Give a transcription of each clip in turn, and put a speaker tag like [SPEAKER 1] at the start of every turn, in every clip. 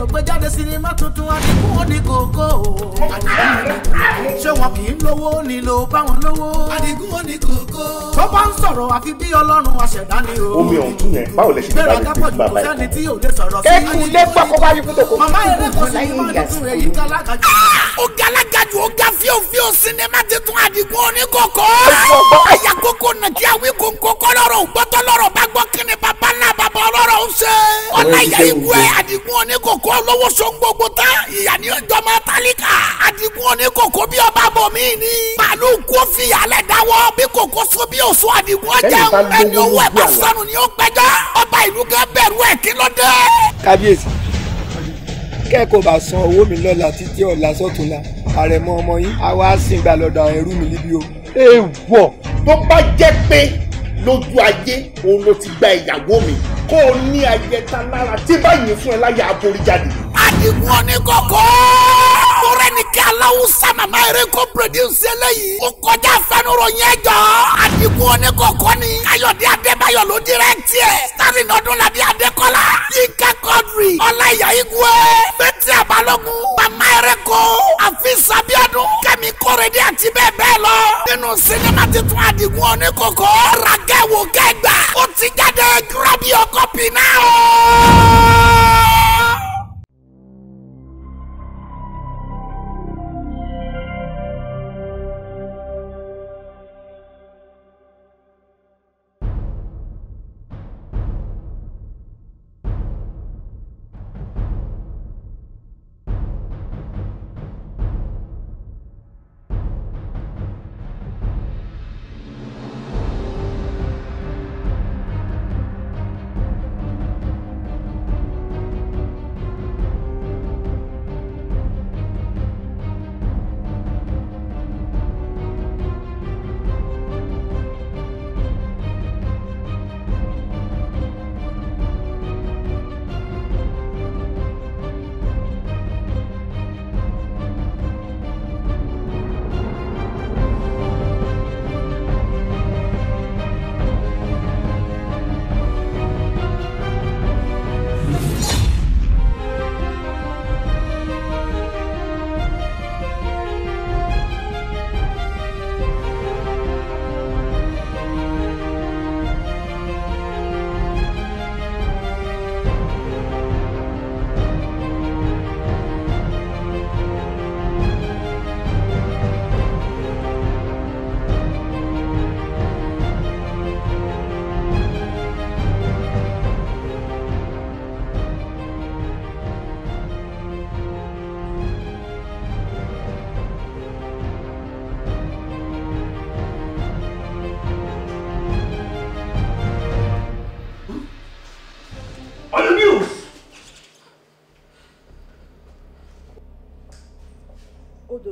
[SPEAKER 1] àjọ gbé jáde sinimá tuntun àdínkù ó ní kókó ṣé wọn kì í lówó nílò báwọn lówó àdínkù ó ní kókó. tó bá ń sọ̀rọ̀ àfi bí ọlọ́run aṣẹ̀dá ni o. omi
[SPEAKER 2] ọ̀tún yẹn báwo lẹ ṣe bá mi tètè bàbá yìí.
[SPEAKER 1] sẹ́ni ẹkùn lé pàkó bá yí fótó kó. màmá eré kò sí ìmọ̀ nínú rẹ̀ yìí gálágàjù. Ah, ó gálágàjù ó ga fíofíò
[SPEAKER 3] sinimá tuntun àdínkù ó ní kókó. àyà kókó nàìjíríà wí kókó kọ́lọ́rọ̀ gbọ́tọ́lọ́rọ̀ bá gbọ́ kíni bàbá ńlá bàbá ọlọ́rọ̀ kó olówó songbogbo tán ìyá ni ọjọ́ máa tálíkà àdìgún òní kòkó bí ọba bò mí ni. màálù kó fi ìyàlẹ̀ dáwọ́ bí kòkó so bí òso àdìgún ọjà ẹni owó ẹ̀ bá
[SPEAKER 1] ni ó gbẹjọ́ ọba ìlú gan bẹ̀rù ẹ̀ kí ló dé.
[SPEAKER 4] kábíyèsí
[SPEAKER 2] kẹ́kọ̀ọ́ bá san owó mi lọ́la títí ọ̀la sọ́túnla àrẹ̀mọ ọmọ yín àwa á gbà lọ́dọ̀ ẹrú mi níbí o. èèwọ̀ tó bá jẹ́ pé lójú ayé
[SPEAKER 3] òun ló ti gba ìyàwó mi kó o ní ayẹta lára tí báyìí fún ẹ láyà aborí
[SPEAKER 1] jáde. adigun ọ̀nì kọ̀kọ́. ọ̀rẹ́ ni kí aláwo sàmàmà eré kó pèrèdíùsì eléyìí. ó kọjá fẹnurọ yẹn jọ. adigun ọ̀nì kọ̀kọ́ ni. káyọ̀dé adébáyọ̀ ló dírẹ́tì ẹ̀. sáré nọdún làbí adékọ́lá. yíká kọ́dùrì. ọláyà igwe. bẹ́tì àbálọ́gùn. màmá eré kó. àfi sábíàdùn. kẹ́mi kọ́rẹ́dé àti bẹ́ẹ̀ bẹ́ẹ̀ lọ. nínú sinimá titun adigun ọ̀nì kọ̀kọ́. rag kẹwò kẹgbà ó ti jáde grab your copy now.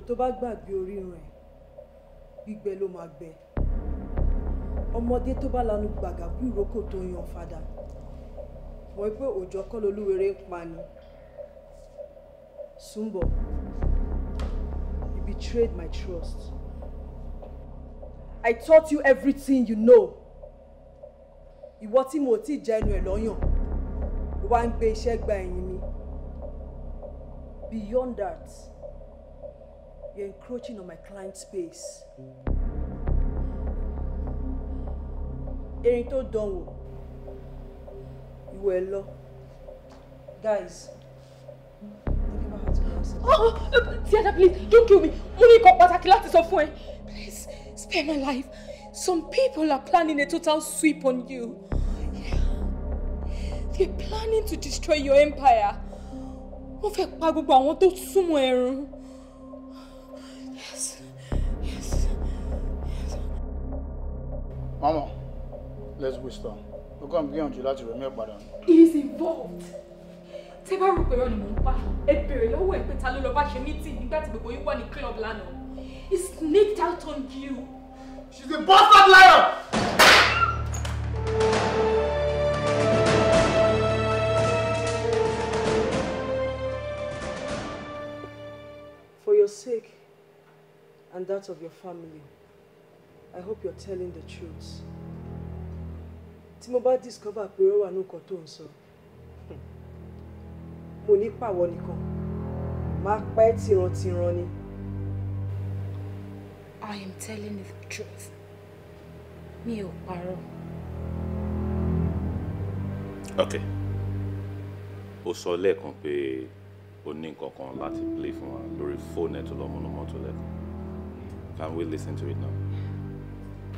[SPEAKER 5] tó bá gbàgbé orírun ẹ̀ gbígbẹ ló máa gbẹ ọmọdé tó bá lanu gbàgà bí ìrókò tó yan fada mọ̀ pé òòjọ́ kọ́ lolúwerè pa ni Sùnbọ̀ you betrayed my trust I taught you everything you know ìwọ tí mo ti jẹ ẹnu ẹ lọ́yàn wá ń gbé iṣẹ́ gba ẹ̀yìn mi beyond that. You're encroaching on my client space. Erin tó dánwò. Ìwọ ẹ lọ. Guys, think about how to pass Oh, Tiada, oh, oh, please, don't kill me. Mo ní nǹkan pàtàkì
[SPEAKER 6] láti sọ fún Please, spare my life. Some people are planning a total sweep on you. Yeah. They're planning to destroy your empire.
[SPEAKER 4] Wọ́n fẹ́ pa gbogbo àwọn tó súnmọ́ ẹ̀rùn.
[SPEAKER 1] Mama, let's whisper. Ó kàn gbìyànjú láti rẹ̀ mí ẹ̀ padà. He is involved.
[SPEAKER 5] Tẹ́ bá yon pé irọ́ ni
[SPEAKER 6] mò ń pa, ẹ béèrè lọ́wọ́ ẹ̀ pé ta ló lọ bá ṣe mítìn nígbà tí gbogbo club lano.
[SPEAKER 4] He sneaked out on you. She's a bastard
[SPEAKER 3] liar!
[SPEAKER 5] For your sake and that of your family. I hope you're telling the truth. Tí mo bá discover pé ó wà nǹkan tó ń sọ, mo ní pàwọ́ nìkan, máa pẹ́ ni.
[SPEAKER 4] I am telling the truth. Mi ò parọ́.
[SPEAKER 7] Okay. Ó sọ lẹ́ẹ̀kan pe ó ní nǹkan kan láti play fún wa lórí fóònù ẹ̀ tó lọ́mú lọ́mọ́ tó lẹ́kọ̀ọ́. Can we listen to it now?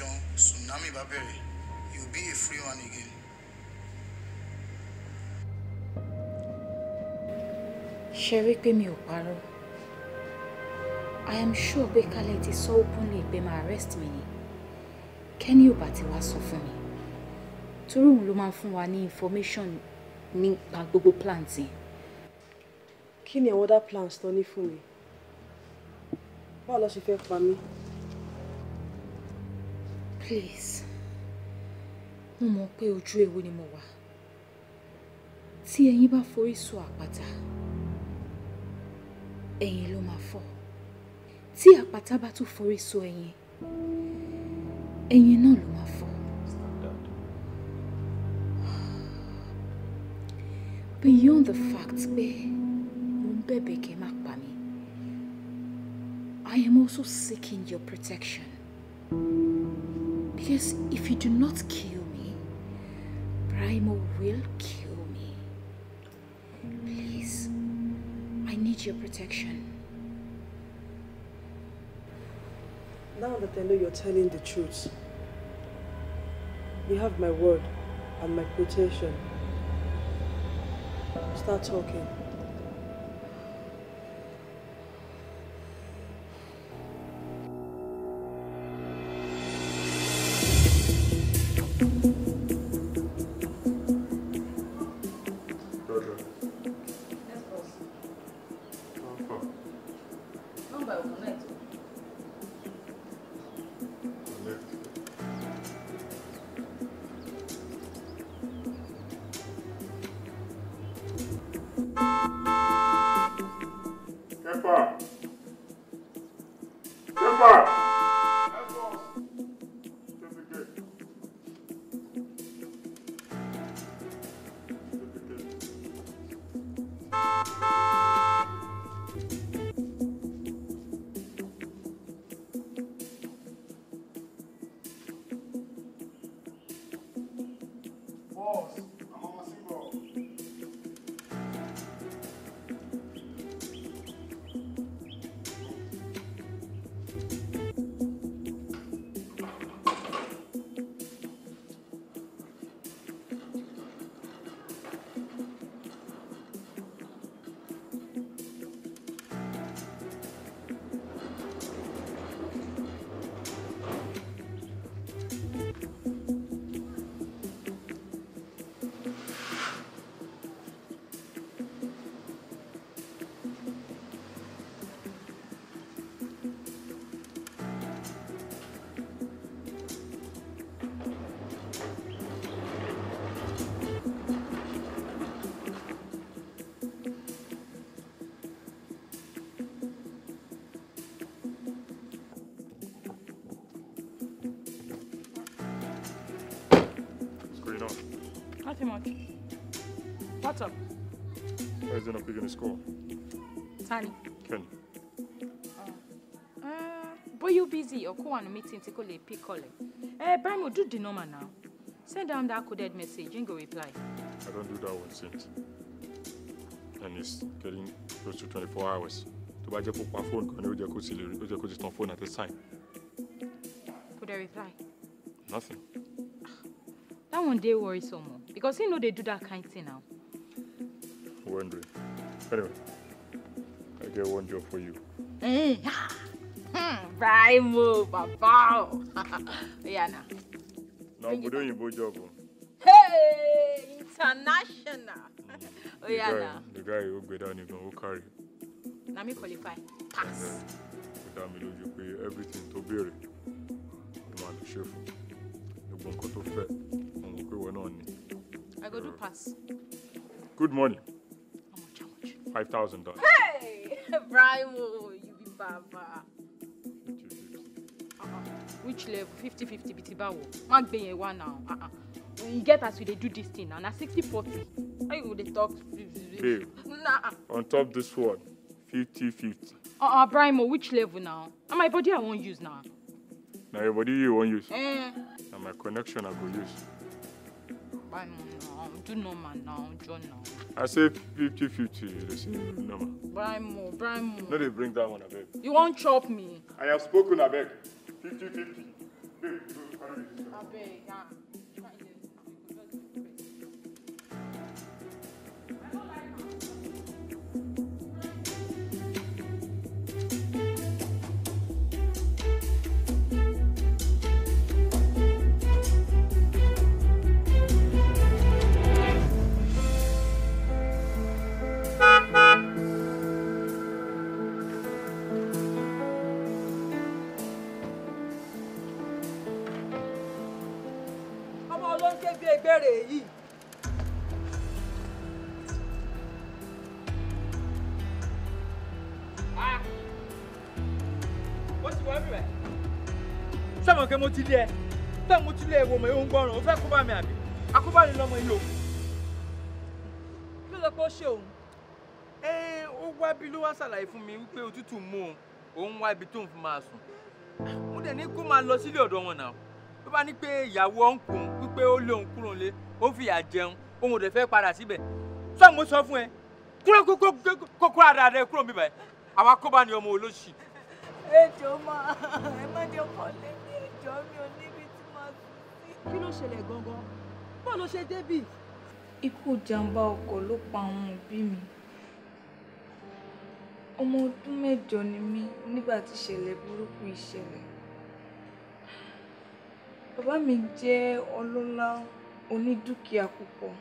[SPEAKER 1] destruction tsunami bá bẹ̀rẹ̀ you be a free one again.
[SPEAKER 4] ṣe rí pé mi ò parọ́ i am sure pé kálẹ̀ ti sọ openly pé máa arrest mi ni kẹ́ni ò bá ti wá sọ fún mi torí òun ló máa ń fún wa ní information nípa gbogbo plans yẹn. kí ni àwọn other plans tó ní fún mi
[SPEAKER 5] báwo ló ṣe fẹ́ pa mí
[SPEAKER 4] please mo mọ̀ pé ojú ewu ni mo wà tí ẹ̀yin bá forí sọ àpáta ẹ̀yin ló máa fọ́ tí àpáta bá tún forí sọ ẹ̀yin ẹ̀yin náà ló máa fọ́. beyond the fact pé mo ń bẹ̀bẹ̀ kí ẹ má pa mi I am also seeking your protection. Because if you do not kill me, Primo will kill me. Please, I need your protection. Now
[SPEAKER 5] that I know you're telling the truth, you have my word and my quotation. Start talking. children.
[SPEAKER 4] on? What's up?
[SPEAKER 2] Why is there no picking the school?
[SPEAKER 4] Tani. Ken. Uh, uh, boy, you busy. Or go on meeting to call a pick call. Eh, Brian, do the normal now. Send down that coded message and go reply. I
[SPEAKER 2] don't do that one since. And it's getting close to 24 hours. To buy your phone, can you just go to the phone at this time? Could I reply? Nothing.
[SPEAKER 4] That one day worries so much because he know they do that kind of thing now.
[SPEAKER 2] Wondering. Anyway, I get one job for you.
[SPEAKER 4] Mm. Right move, Papa. yeah, now.
[SPEAKER 2] Now, we're doing your job.
[SPEAKER 4] Hey, international. Mm, oh, yeah, now.
[SPEAKER 2] The guy who go down, even go carry.
[SPEAKER 4] Now me qualify. Pass.
[SPEAKER 2] Kò dá mi lójú pé everything to béèrè ló máa lè ṣe fún. Gbogbo nǹkan tó fẹ́, òun pé wọ́n náà ni.
[SPEAKER 4] I go do pass.
[SPEAKER 2] Good morning. How much? How much? Five thousand dollars.
[SPEAKER 4] Hey, Brian, oh, you be baba. Uh-uh. Which level? 50 50 biti bawo. Man gbe one now. Uh -uh. You get as we dey do this thing now. Na 60 40. How you go dey talk? Babe. Nah.
[SPEAKER 2] On top this one, 50 50.
[SPEAKER 4] Uh uh, Brian, oh, which level now? And my body I won't use now.
[SPEAKER 2] Now your body you won't use? Eh. Na my connection I go use
[SPEAKER 4] buy me now. Do normal now, John
[SPEAKER 2] now. I say 50 50, they say man.
[SPEAKER 4] Buy more, buy more.
[SPEAKER 2] No, they bring that one, abeg.
[SPEAKER 4] You won't chop me.
[SPEAKER 2] I have spoken, abeg. 50 50. Abeg,
[SPEAKER 4] yeah.
[SPEAKER 5] gbèrègbèrè yìí. Ah! ó ti wọ́n mi rẹ̀. sọ́mọ̀ kí mo ti lé ẹ tẹ́ mo ti lé ẹ wò mọ̀ ẹ̀ ń gbọ́ràn ó fẹ́ kó bá mi àbí akóbá ni lọ́mọ yìí o. kí ló lọ pé ó ṣe òun. ẹ ó wá bí ló wá ṣàlàyé fún mi wípé òtútù mú òun wá ibi tóun fi máa sùn. mo dẹ̀ ní kó máa lọ sílé ọ̀dọ̀ wọn náà ló bá ní pé ìyàwó ọ̀nkùn wípé ó lé òun kúrò lé ó fìyà jẹun òun ò dẹ̀ fẹ́ padà síbẹ̀ sọ mo sọ fún ẹ kúrò kókó ara
[SPEAKER 7] rẹ kúrò mi báyìí àwa kó bá ní ọmọ olóṣì.
[SPEAKER 5] ejò máa ẹ má jẹ kọ́lé ní ejò mi ò níbi tí màá sùn sí. kí ló ṣẹlẹ̀ gangan
[SPEAKER 4] bọ́ọ̀ ló ṣe débì. ikú jàǹbá ọkọ̀ ló pa àwọn òbí mi ọmọ ọdún mẹ́jọ ni mí nígbà tí ìṣẹ̀lẹ̀ burúkú ìṣẹ̀lẹ̀ Bàbá mi jẹ́ ọlọ́lá onídúkìá púpọ̀,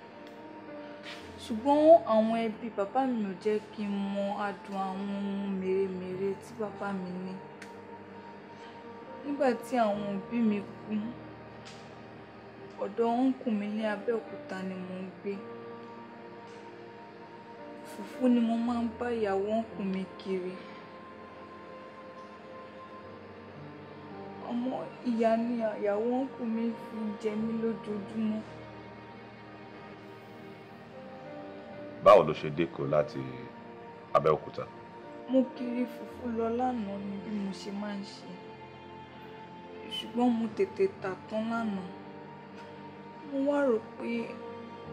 [SPEAKER 4] ṣùgbọ́n àwọn ẹbí bàbá mi ò jẹ́ kí n mọ adùn àwọn ohun mèremère tí bàbá mi ní. Nígbà tí àwọn òbí mi kú, ọ̀dọ̀ ọ́nkù mi ní Abẹ́òkúta ni mò ń gbé. Fùfú ni mo máa ń bá ìyàwó ọ́nkù mi kiri. ìyà ni ìyàwó ọ̀nkù mi fi jẹ mí lójoojúmọ́.
[SPEAKER 7] báwo ló ṣe dẹ́kọ̀ láti Abẹ́òkúta.
[SPEAKER 4] mo kiri fùfú lọ lánàá ni bí mo ṣe máa ń ṣe ṣùgbọ́n mo tètè tà tán lánàá mo wá rò pé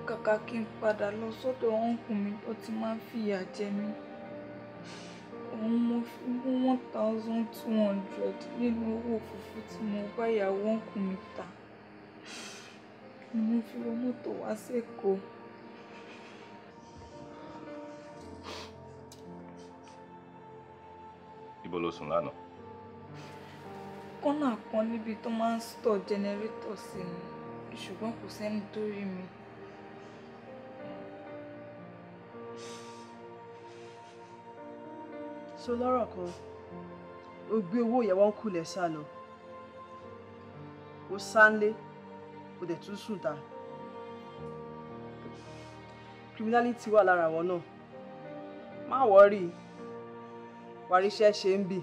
[SPEAKER 4] kàkà kí n padà lọ sọ́dọ̀ ọ̀nkù mi tó ti máa ń fìyà jẹ mí one thousand two hundred nínú owó fùfú tí mo bá ìyàwó ọ̀nkù mi ta ni mo fi wọ mọ́tò wá sẹ́kọ̀ọ́.
[SPEAKER 7] ibo ló sùn lánàá.
[SPEAKER 4] kọ́nà kan níbi tó máa ń stọ̀ jẹnẹrétọ̀ sí ni ṣùgbọ́n kò sẹ́ni tó rí mi.
[SPEAKER 5] so lọ́rọ̀ kan ó gbé owó yẹn wọ́n kulẹ̀ sá lọ ó sánlé ó dẹ̀ tún sùn ta criminality wà lára wọn náà má wọ́ọ̀rì wàríṣẹ́ ṣe ń bì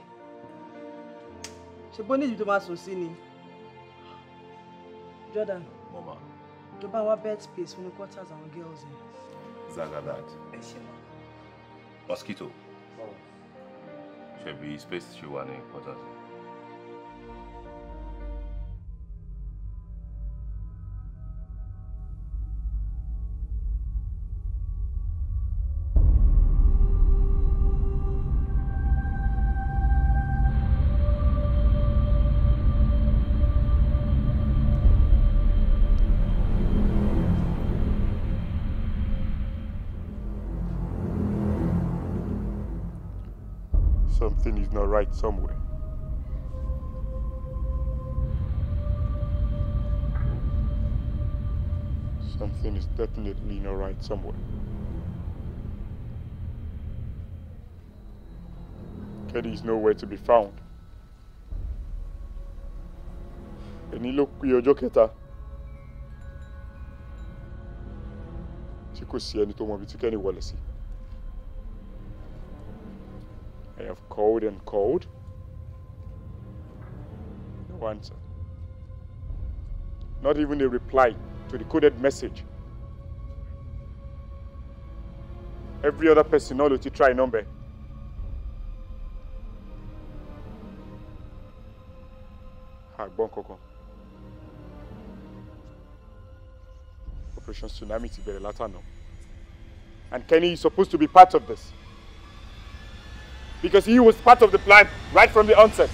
[SPEAKER 5] ṣe bó nídìí tó máa sùn sí ni Jordan mama jọba wa bed space fún quarters àwọn girls yẹn.
[SPEAKER 7] zagadad mosquito. Oh. 这笔支出是我们的负担。
[SPEAKER 2] right somewhere. Something is definitely not right somewhere. Teddy is nowhere to be found. ẹni ló pe ọjọ́ kẹta tí kò sí ẹni tó mọ ibi tí kẹ́ni wọlé sí. si eni to mo ibi ti keni wole I have code and code. No answer. Not even a reply to the coded message. Every other personality try number. Agbon ah, kankan. Operation Tsunami ti bẹ̀rẹ̀ now. And Kenny is supposed to be part of this. because he was part of the plan right from the onset.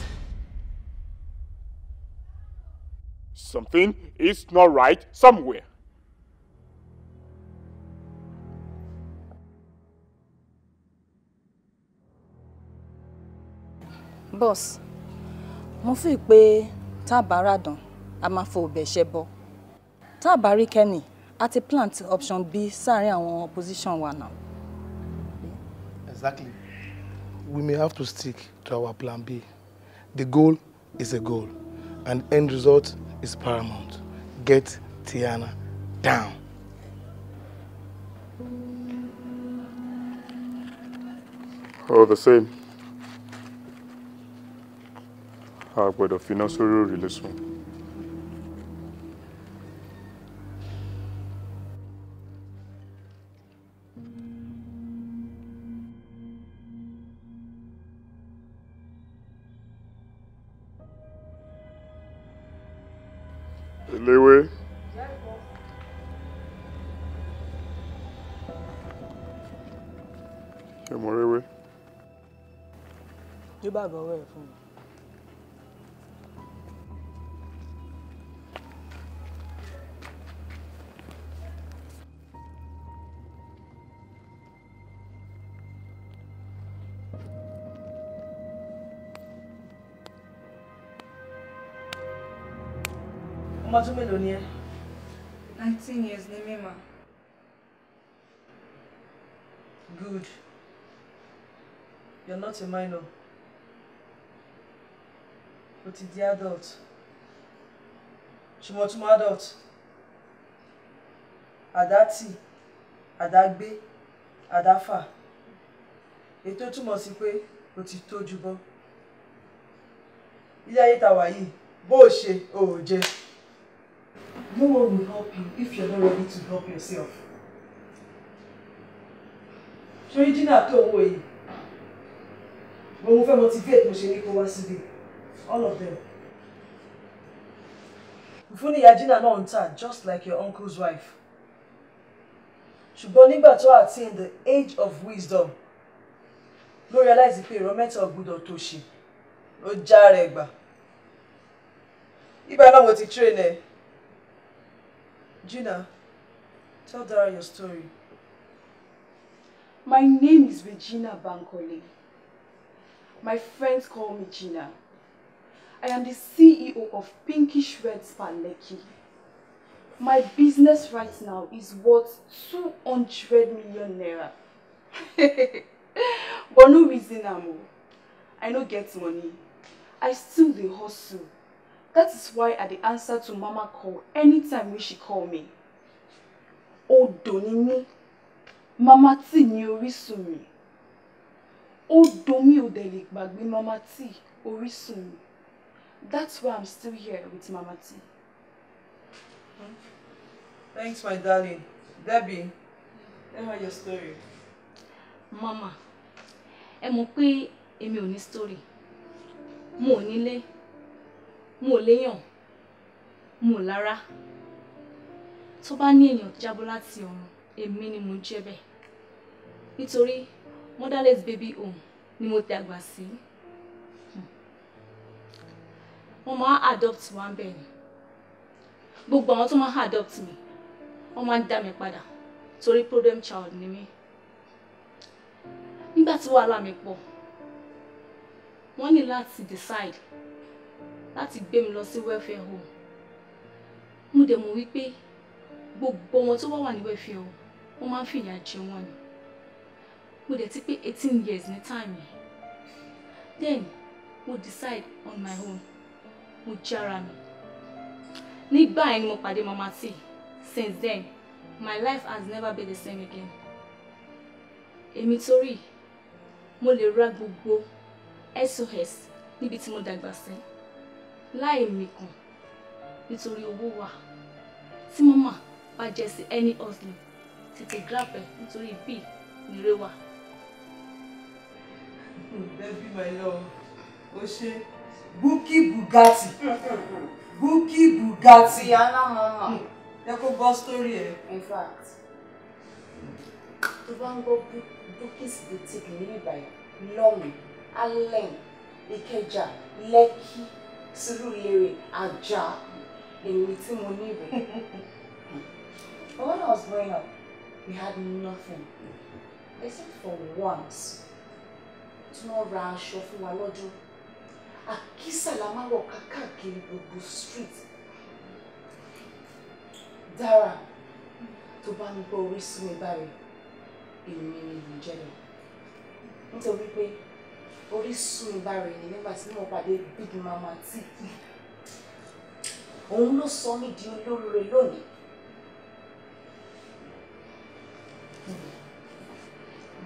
[SPEAKER 2] Something is not right somewhere.
[SPEAKER 4] Boss, mo fi pé tábàáràdàn a máa fo ọbẹ̀ ṣẹ bọ́. Tábàárí kẹ́nì a plant option B sáàárín àwọn opposition wa now.
[SPEAKER 3] Exactly. we may have to stick to our plan B. The goal is a goal, and end result is paramount. Get Tiana down.
[SPEAKER 2] All the same, I would have financial release.
[SPEAKER 6] gbé bàbá ọwọ́ ẹ̀ fún mi.
[SPEAKER 5] ọmọ ọdún mélòó ni ẹ.
[SPEAKER 4] nineteen years ni mí ma.
[SPEAKER 5] good you're not a minor o ti di adult ṣùgbọ́n tún mọ́ adult àdátì àdágbé àdáfà ètò túmọ̀ sí pé o ti tójú bọ́ ilé ayé ta wà yìí o ṣe o ò jẹ. No one will help you if you're not ready to help yourself. ṣorí dínà tó owó yìí mo mú fẹ́ motivate mo ṣe ní kó wá síbi all of them. Mfuni Yajina náà ń tà just like your uncle's wife. Ṣùgbọ́n nígbà tó attain the age of wisdom No realize the ìran mẹ́ta ọ̀gbọ́dọ̀ tó ṣe ló já rẹ̀ gbà. Ibà náà train eh? Gina, tell Dara your story. My name is Regina Bankole. My friends call me Gina. I am the CEO
[SPEAKER 4] of Pinkish Red Spa Lekki. My business right now is worth 200 million naira. but no
[SPEAKER 5] reason am o. I no get money. I still the hustle. That is why I the answer to mama call anytime when she call me. Oh ni mí. Mama ti ni orísun Oh Odò mi ò dẹ̀ Mama ti orísun mi. That's why I'm still here with Mama T. Hmm? Thanks, my darling. Debbie, tell her your story.
[SPEAKER 4] Mama, I'm mọ̀ pé èmi story. Mo ò nílé. Mo ò Mo Lara. lára. Tó bá ní èèyàn jábọ́ láti ọ̀run, èmi ni mo jẹ́ bẹ́ẹ̀. Nítorí motherless baby home ni mo ti àgbà Si wọ́n máa adopt wa ń bẹ̀ ni gbogbo àwọn tó máa adopt mi wọ́n máa ń dá mi padà torí problem child ni mí nígbà tí wàhálà mi pọ̀ wọ́n ní láti decide láti gbé mi lọ sí welfare home mo dẹ̀ mọ̀ wípé gbogbo wọn tó wá wà ní welfare home wọ́n máa ń fìyà jẹ wọ́n ni mo dẹ̀ ti pé eighteen years ní time yìí then mo decide on my own mo jára mi nígbà yẹn ni mo pàdé mama tí since then my life has never been the same again èmi torí mo lè ra gbogbo sos níbi tí mo dàgbà sí láì mikùn nítorí owó wà tí mama bá jẹ sí any hustling tètè grab ẹ nítorí bíi nírè wà. baby my love
[SPEAKER 5] o ṣe. Bukky Bugatti Bukky Bugatti Yana mama. Hmm. ẹ kó gbọ́ sórí ẹ. in fact
[SPEAKER 4] tó bá ń gbọ́ Bukky's boutique ní ìbàyà lọ́hùn allen ìkẹjà lẹ́kì sírúlérè ajá èmi tí mo ní ìwé. But when I was growing up, we had nothing. Except for once,
[SPEAKER 5] tí no ra aṣọ fún wa lọ́dún àkísà la máa wọ̀ káàkiri gbogbo street dára tó bá
[SPEAKER 4] ń gbọ́ Orísun mi báyìí èmi ni mò ń jẹ́ lọ nítorí pé Orísun mi báyìí ni nígbà tí mo pàdé Big Mama T
[SPEAKER 5] òun ló sọ mí di olóore lónìí.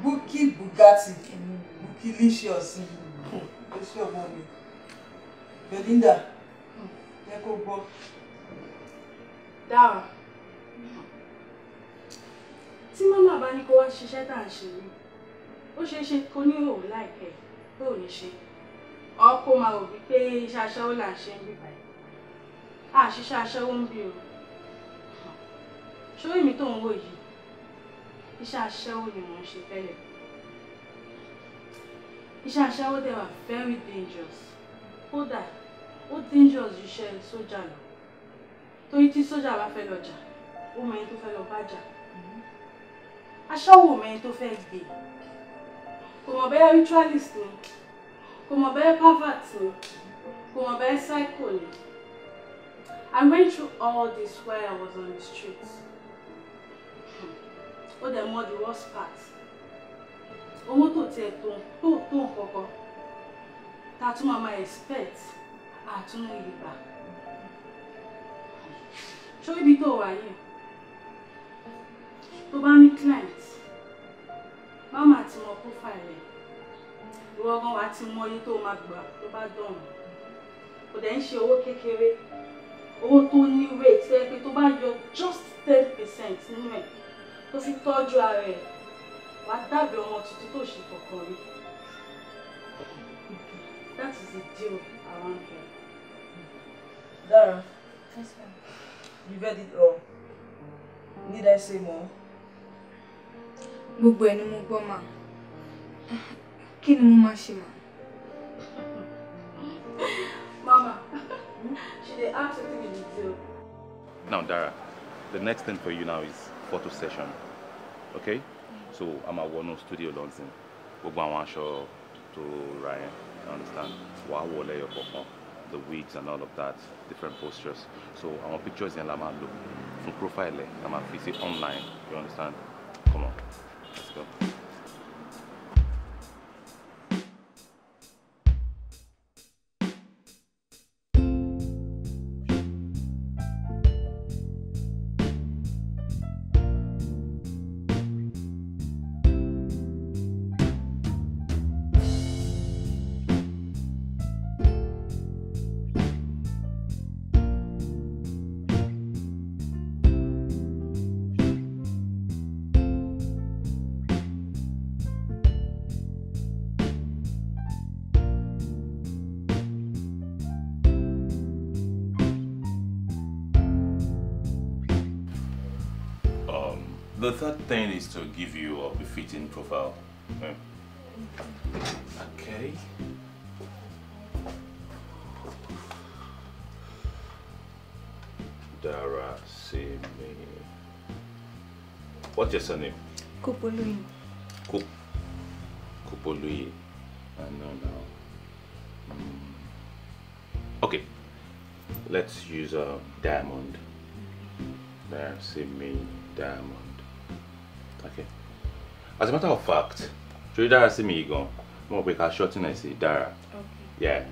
[SPEAKER 5] Bukki Bugatti Bukki licious licious Belinda jẹ́ kó gbọ́. dáhùn
[SPEAKER 4] tí mọ́mọ́ bá ní kó wá ṣiṣẹ́ tá à ń ṣe yìí ó ṣeé ṣe kó ní òun láìpẹ́ pé ò ní ṣe ọ kó máa wò wípé iṣẹ́ aṣẹ́wó là ń ṣe ń bì báyìí à aṣẹ́wó ń bì o ṣó èmi tó ń wò yìí iṣẹ́ aṣẹ́wó ni mò ń ṣe tẹ́lẹ̀ iṣẹ́ aṣẹ́wó dẹ̀ wà very dangerous kódà ó dangerous ju
[SPEAKER 5] iṣẹ́ sójà lọ torí tí sójà bá fẹ́ lọ jà ó mọ ẹni tó fẹ́ lọ bá jà aṣọ́wò mọ ẹni tó fẹ́ gbé kò mọ̀ bẹ́ẹ̀ ritualist ni kò mọ̀ bẹ́ẹ̀ pervert ni kò mọ̀ bẹ́ẹ̀ psycho ni I went through all this while I was on the street ó dẹ̀ mọ the worst part owó tó tiẹ̀ tó tó nǹkan kan tá a tún máa expect àtúnú ìgbà
[SPEAKER 4] ṣó ibi tó wà yẹn tó bá ní client máma ti mọ profile
[SPEAKER 5] ìwọ gan wa ti mọ iye tó máa gbà tó bá dọ̀nù kò dẹ̀ ń ṣe owó kékeré owó tó ní rate ẹ pé tó bá yọ just ten percent nínú ẹ̀ tó fi tọ́jú ara ẹ̀ wàá dàbí ọmọ tuntun tó ṣe kọ̀ọ̀kan rí that is the deal around here. Dara. Yes, ma'am. You read it all. Need I say more?
[SPEAKER 4] Gbogbo ẹ̀ ni mo gbọ́ mà. Kí ni mo máa ṣe mà? Mama, she dey ask wetin you dey do.
[SPEAKER 7] Now, Dara, the next thing for you now is photo session. Okay? Mm. So, I'm at wọnú studio lọ́nsìn. Gbogbo àwọn aṣọ tó ra yẹn, I understand. Wàá wọlé ẹyọ kọ̀ọ̀kan. the wigs and all of that, different postures. So our pictures in Lama look from profile, Lama fit online. You understand? Come on, let's go. other thing is to give you a befitting profile. Okay. okay. Dara Simi. What's your surname? Kupolui. Kup. Kupolui. I know now. Hmm. Okay. Let's use a uh, diamond. Dara Simi diamond. okay as a matter of fact torí dára sí mi gan mo mọ̀ pé ká shorten ẹ̀ sí dára yeah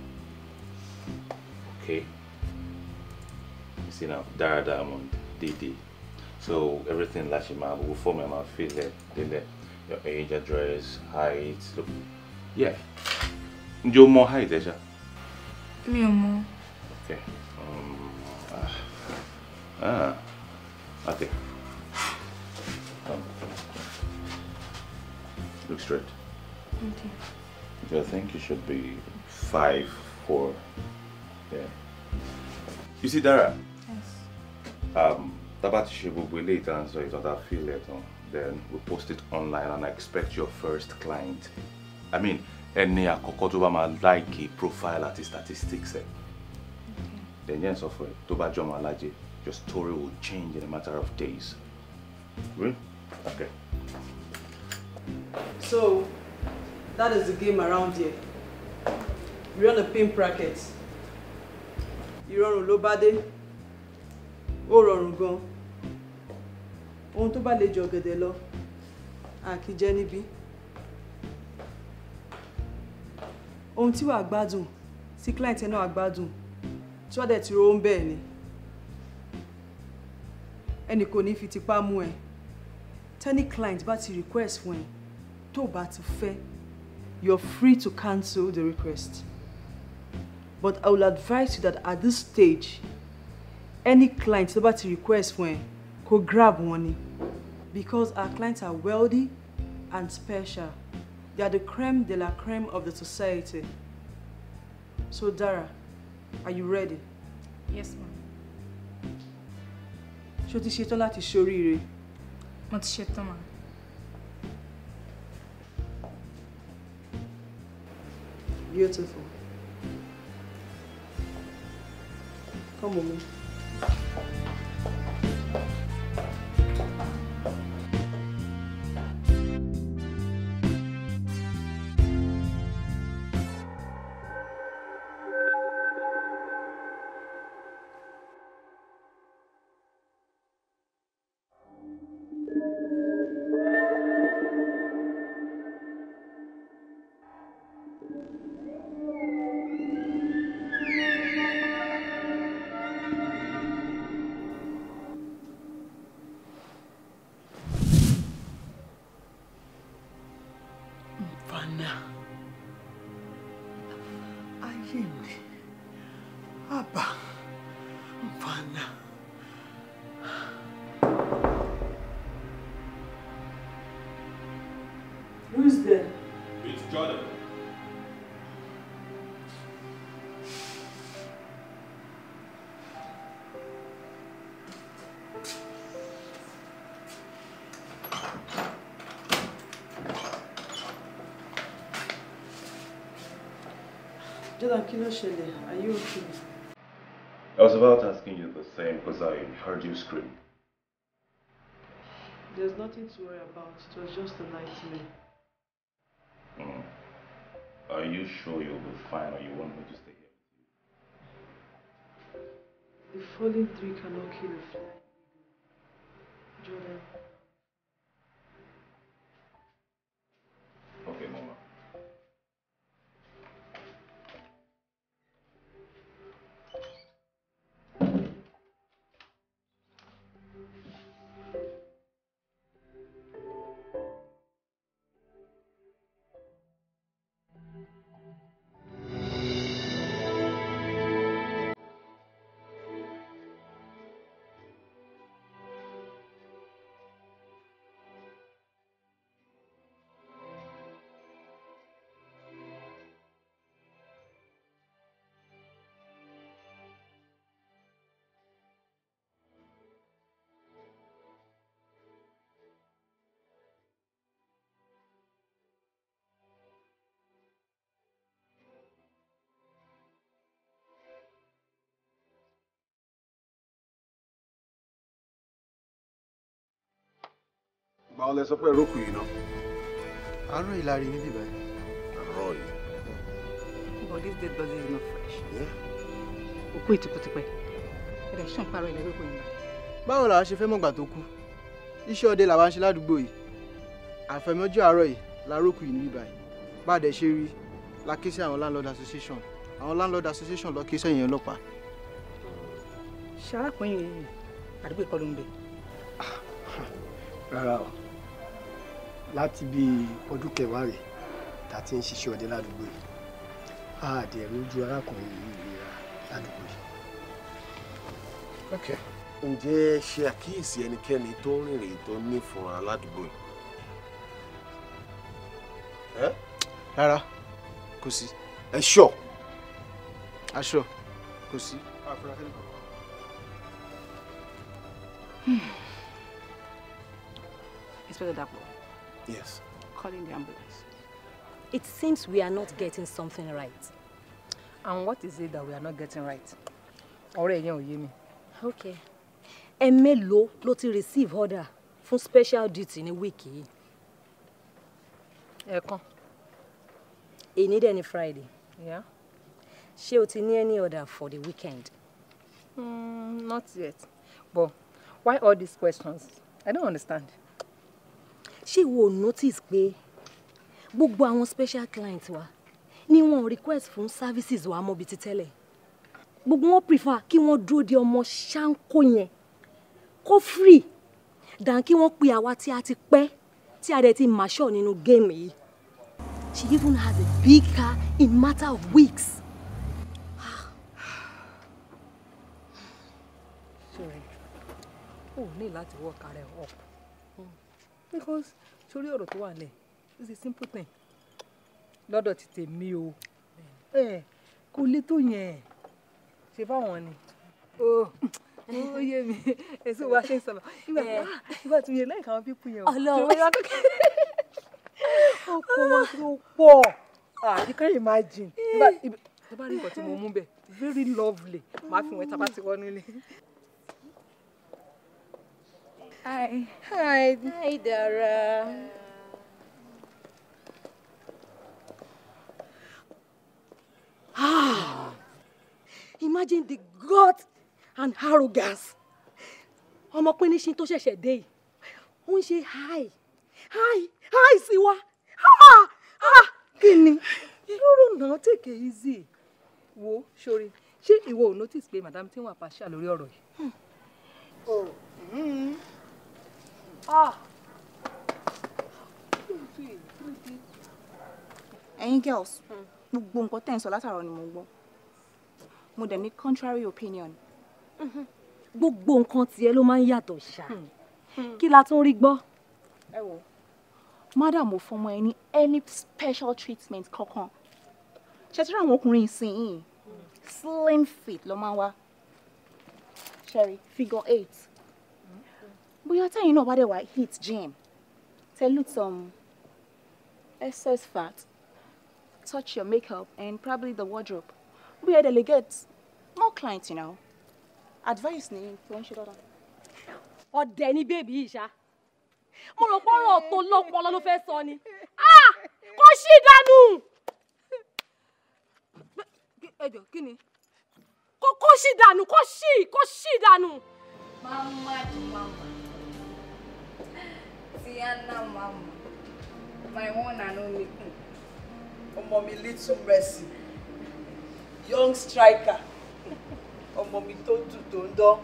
[SPEAKER 7] okay you see now Dara diamond dd so everything la ṣe máa gbogbo fọ́ọ̀mù mouth máa fi Then délẹ̀ your age address height look yeah ǹjẹ́ o mọ height ẹ ṣá. mi ò okay um, ah. ah okay. Look straight. I think you should be five, four. Yeah. You see, Dara? Yes. Um, will be later and so it's not affiliate. Then we post it online and I expect your first client. I mean, ẹni àkọ́kọ́ tó bá máa like profile statistics eh. Then yes, of it, tó bá jọ máa lájẹ, your story will change in a matter of days. Really?
[SPEAKER 5] Okay. So, that is the game around here. You run a pin bracket. You run a low body. rọrùn run a gun. bá lè jọ gẹ̀dẹ̀ lọ, à kì í jẹ níbí. Ohun tí wàá gbádùn, tí client náà gbádùn, tí wọ́n dẹ̀ ti ro ń bẹ́ẹ̀ ni. Ẹnì kò ní fi tipá mú ẹ. Tẹ́ni client bá ti request fún tó bá ti fẹ́ you're free to cancel the request but I will advise you that at this stage any client tó bá ti request fún ẹ kó grab money, because our clients are wealthy and special they are the creme de la creme of the society so Dara are you ready. yes ma'am. ṣé o ti ṣetán láti ṣoríire. mo ti ṣetán màá. Beautiful. Come on. me. Are you okay?
[SPEAKER 7] I was about asking you the same because I heard you scream.
[SPEAKER 5] There's nothing to worry about. It was just a nightmare.
[SPEAKER 7] Mm. Are you sure you'll be fine or you want me to stay here
[SPEAKER 5] with you? The falling tree cannot kill a fly. Jordan.
[SPEAKER 3] Ìgbà ọlẹ sọ pé rókù yìí ná.
[SPEAKER 1] Àárọ̀ yìí la rí níbí báyìí. Àárọ̀ yìí. But this dead body is not fresh.
[SPEAKER 5] Òkú ìtìkùtìpẹ́.
[SPEAKER 4] Ẹ̀rẹ̀ ṣàn parọ́ ilẹ̀ lóko yìí.
[SPEAKER 3] Báwo làwa ṣe fẹ́ mọ̀gbà tó kú? Iṣẹ́ ọdẹ làwa ń ṣe ládùúgbò yìí. Àfẹ̀mọ́jú àárọ̀ yìí la rókù yìí níbí báyìí. Bá a dẹ̀ ṣe rí
[SPEAKER 1] la ké sí àwọn landlord association. Àwọn landlord association lọ ké sẹ́yìn ọlọ́pàá.
[SPEAKER 4] Ṣé arákùnrin yìí àdúgbò ìkọlù ń bẹ?
[SPEAKER 1] Rárá
[SPEAKER 3] o láti bí ọdún kẹwàá rẹ̀ tá a ti ń ṣiṣẹ́ ọdẹ ládùúgbò yìí a dẹ̀ lójú arákùnrin yìí ìlera ládùúgbò yìí. okay ǹjẹ́ ẹ ṣe àkíyèsí ẹnikẹ́ni tó ń rìnrìn tó ní ìfúnra ládùúgbò yìí. rárá kò sí. ẹ ṣọ. aṣọ kò sí. inspector Dapò Yes.
[SPEAKER 4] Calling the ambulance. It seems we are not getting something right. And what is it that we are not getting right? Already, you ò me? mi. Okay. Ẹ mélòó ló ti receive order for special duty in a yìí? Ẹ̀ẹ̀kan. Èyí dẹ̀ ni Friday. Yeah. She o ti ní any order for the weekend? Mm, not yet. But why all these questions? I don't understand ṣé ìwọ notice pé gbogbo àwọn special client wa ni wọn request fún services wa mọ́bi ti tẹ́lẹ̀ gbogbo wọn prefer kí wọ́n dúró di ọmọ ṣáńkó yẹn kó free dan kí wọ́n pe àwa tí a ti pẹ́ tí a dẹ̀ ti mature nínú géèmù yìí she even has a big car in matter of weeks. Ah.
[SPEAKER 6] sorry o ní láti wọ kárẹ̀ up because sórí ọ̀rọ̀ tó wà nílẹ̀ it's a simple thing lọ́dọ̀ ti tèmi
[SPEAKER 5] o kò lè tó yẹn ṣe báwọn ni ó yé mi èso wa ṣe ń sọ̀rọ̀ ìgbà ah, ìgbà tó yẹ láìka àwọn pípù yẹn o ọlọ́run ọkọ wọn tó pọ̀ ah, you can imagine ìgbà tó bá rí nǹkan tí mo mú bẹ very lovely màá fi wọn tábà
[SPEAKER 4] tí wọn nílé. Hi. Hi. Hi, Dara.
[SPEAKER 5] Ah!
[SPEAKER 4] Imagine the guts
[SPEAKER 5] and arrogance. Ọmọ pé níṣin tó ṣẹ̀ṣẹ̀ dé yìí, ó ń ṣe hi, hi, hi sí wa. Ah! Ah! Kí ni? Lóró náà take easy. Wo sórí, ṣé ìwọ ò notice pé madam ti ń wà
[SPEAKER 4] partial lórí ọ̀rọ̀ yìí?
[SPEAKER 5] Hmm. Oh, hmm
[SPEAKER 4] ẹ̀yin girls gbogbo nǹkan tẹ̀ ń sọ látàárọ̀ ni mo gbọ́ mo dẹ̀ ní contrary opinion. gbogbo nǹkan tiẹ̀ ló máa ń yàtọ̀ ṣá hmm. Hmm. kí la tún rí gbọ́. ẹ madam ò fọmọ ẹ ní any special treatment kankan ṣe tí àwọn ọkùnrin ìsinyìí hmm. slim fit ló máa ń wá figure eight bóyá táyìn náà bá dẹ̀ wá Heat, Jim. tẹ lose some excess fat touch your makeup and probably the wardrobe bóyá dẹ̀ lè get more clients you know advice ni tó ń ṣe lọ́dọ̀. ọ̀dẹ̀ ni bébì yìí ṣá mo rò pé ọ̀rọ̀ tó lọ́pọ̀ ló fẹ́ sọ ni ah! kò sí ìdánù.
[SPEAKER 5] ẹjọ kí ni. kò sí ìdánù kò sí
[SPEAKER 4] kò sí ìdánù. máa ń Rihanna mama, my own and only. Ọmọ mi
[SPEAKER 5] little mercy, young striker, ọmọ mi tó dùn tó ń dán.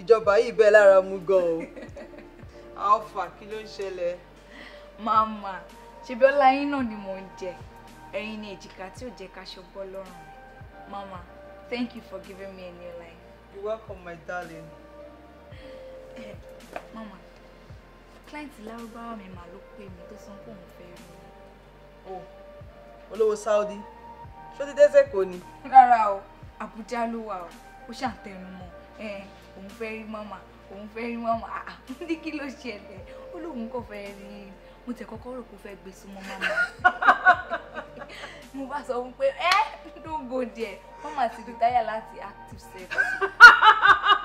[SPEAKER 5] Ìjọba yìí Alpha kí ló ń ṣẹlẹ̀?
[SPEAKER 4] Màmá, ṣebí ọlá yín náà ni mò ń jẹ. Ẹ̀yin ni èjìká tí ò jẹ́ thank you for giving me a new life.
[SPEAKER 5] You're welcome, my darling.
[SPEAKER 4] Eh, mama client lárúbáwá mi mà ló pè mí tó sọ pé òun fẹ́ rí
[SPEAKER 5] o olówó saudi ṣó ti dẹ́sẹ̀ kò ní.
[SPEAKER 4] rárá o àbújá ló wà o ó ṣàtẹnu mọ́ òun fẹ́ rí màmá òun fẹ́ rí màmá ah, ní kí ló ṣẹlẹ̀ ó lóun kò fẹ́ rí mo tẹ̀ kọ́kọ́ rò kó fẹ́ gbé súnmọ́ màmá mo bá sọ wípé ẹ don't go there ti di láti active sex.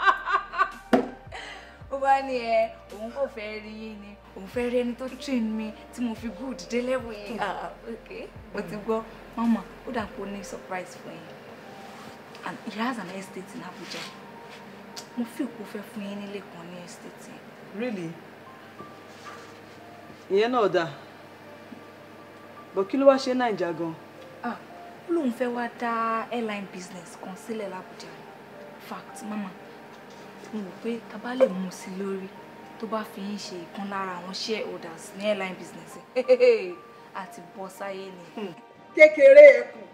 [SPEAKER 4] bá ní ẹ òun kò fẹ́ rí yín ni òun fẹ́ rí ẹni tó train mi tí mo fi good dé level yìí hmm. ah ok mo ti gbọ́ mama ó dà kó ní surprise fún yín and he has an estate in Abuja mo fi òkú fẹ́ fún yín nílé kan ní estate yẹn.
[SPEAKER 5] really ìyẹn náà dáa bọ̀ kí ló wá ṣe nàìjà gan.
[SPEAKER 4] ah ó lóun fẹ́ wá dá airline business kan sílẹ̀ l'Abuja fact mama mo rò pé ta bá lè mú sí lórí tó bá fi ń ṣe ìkan lára àwọn shareholders ní airline business àti bọ́ sáyé ni.
[SPEAKER 5] Hmm. kékeré ẹkùn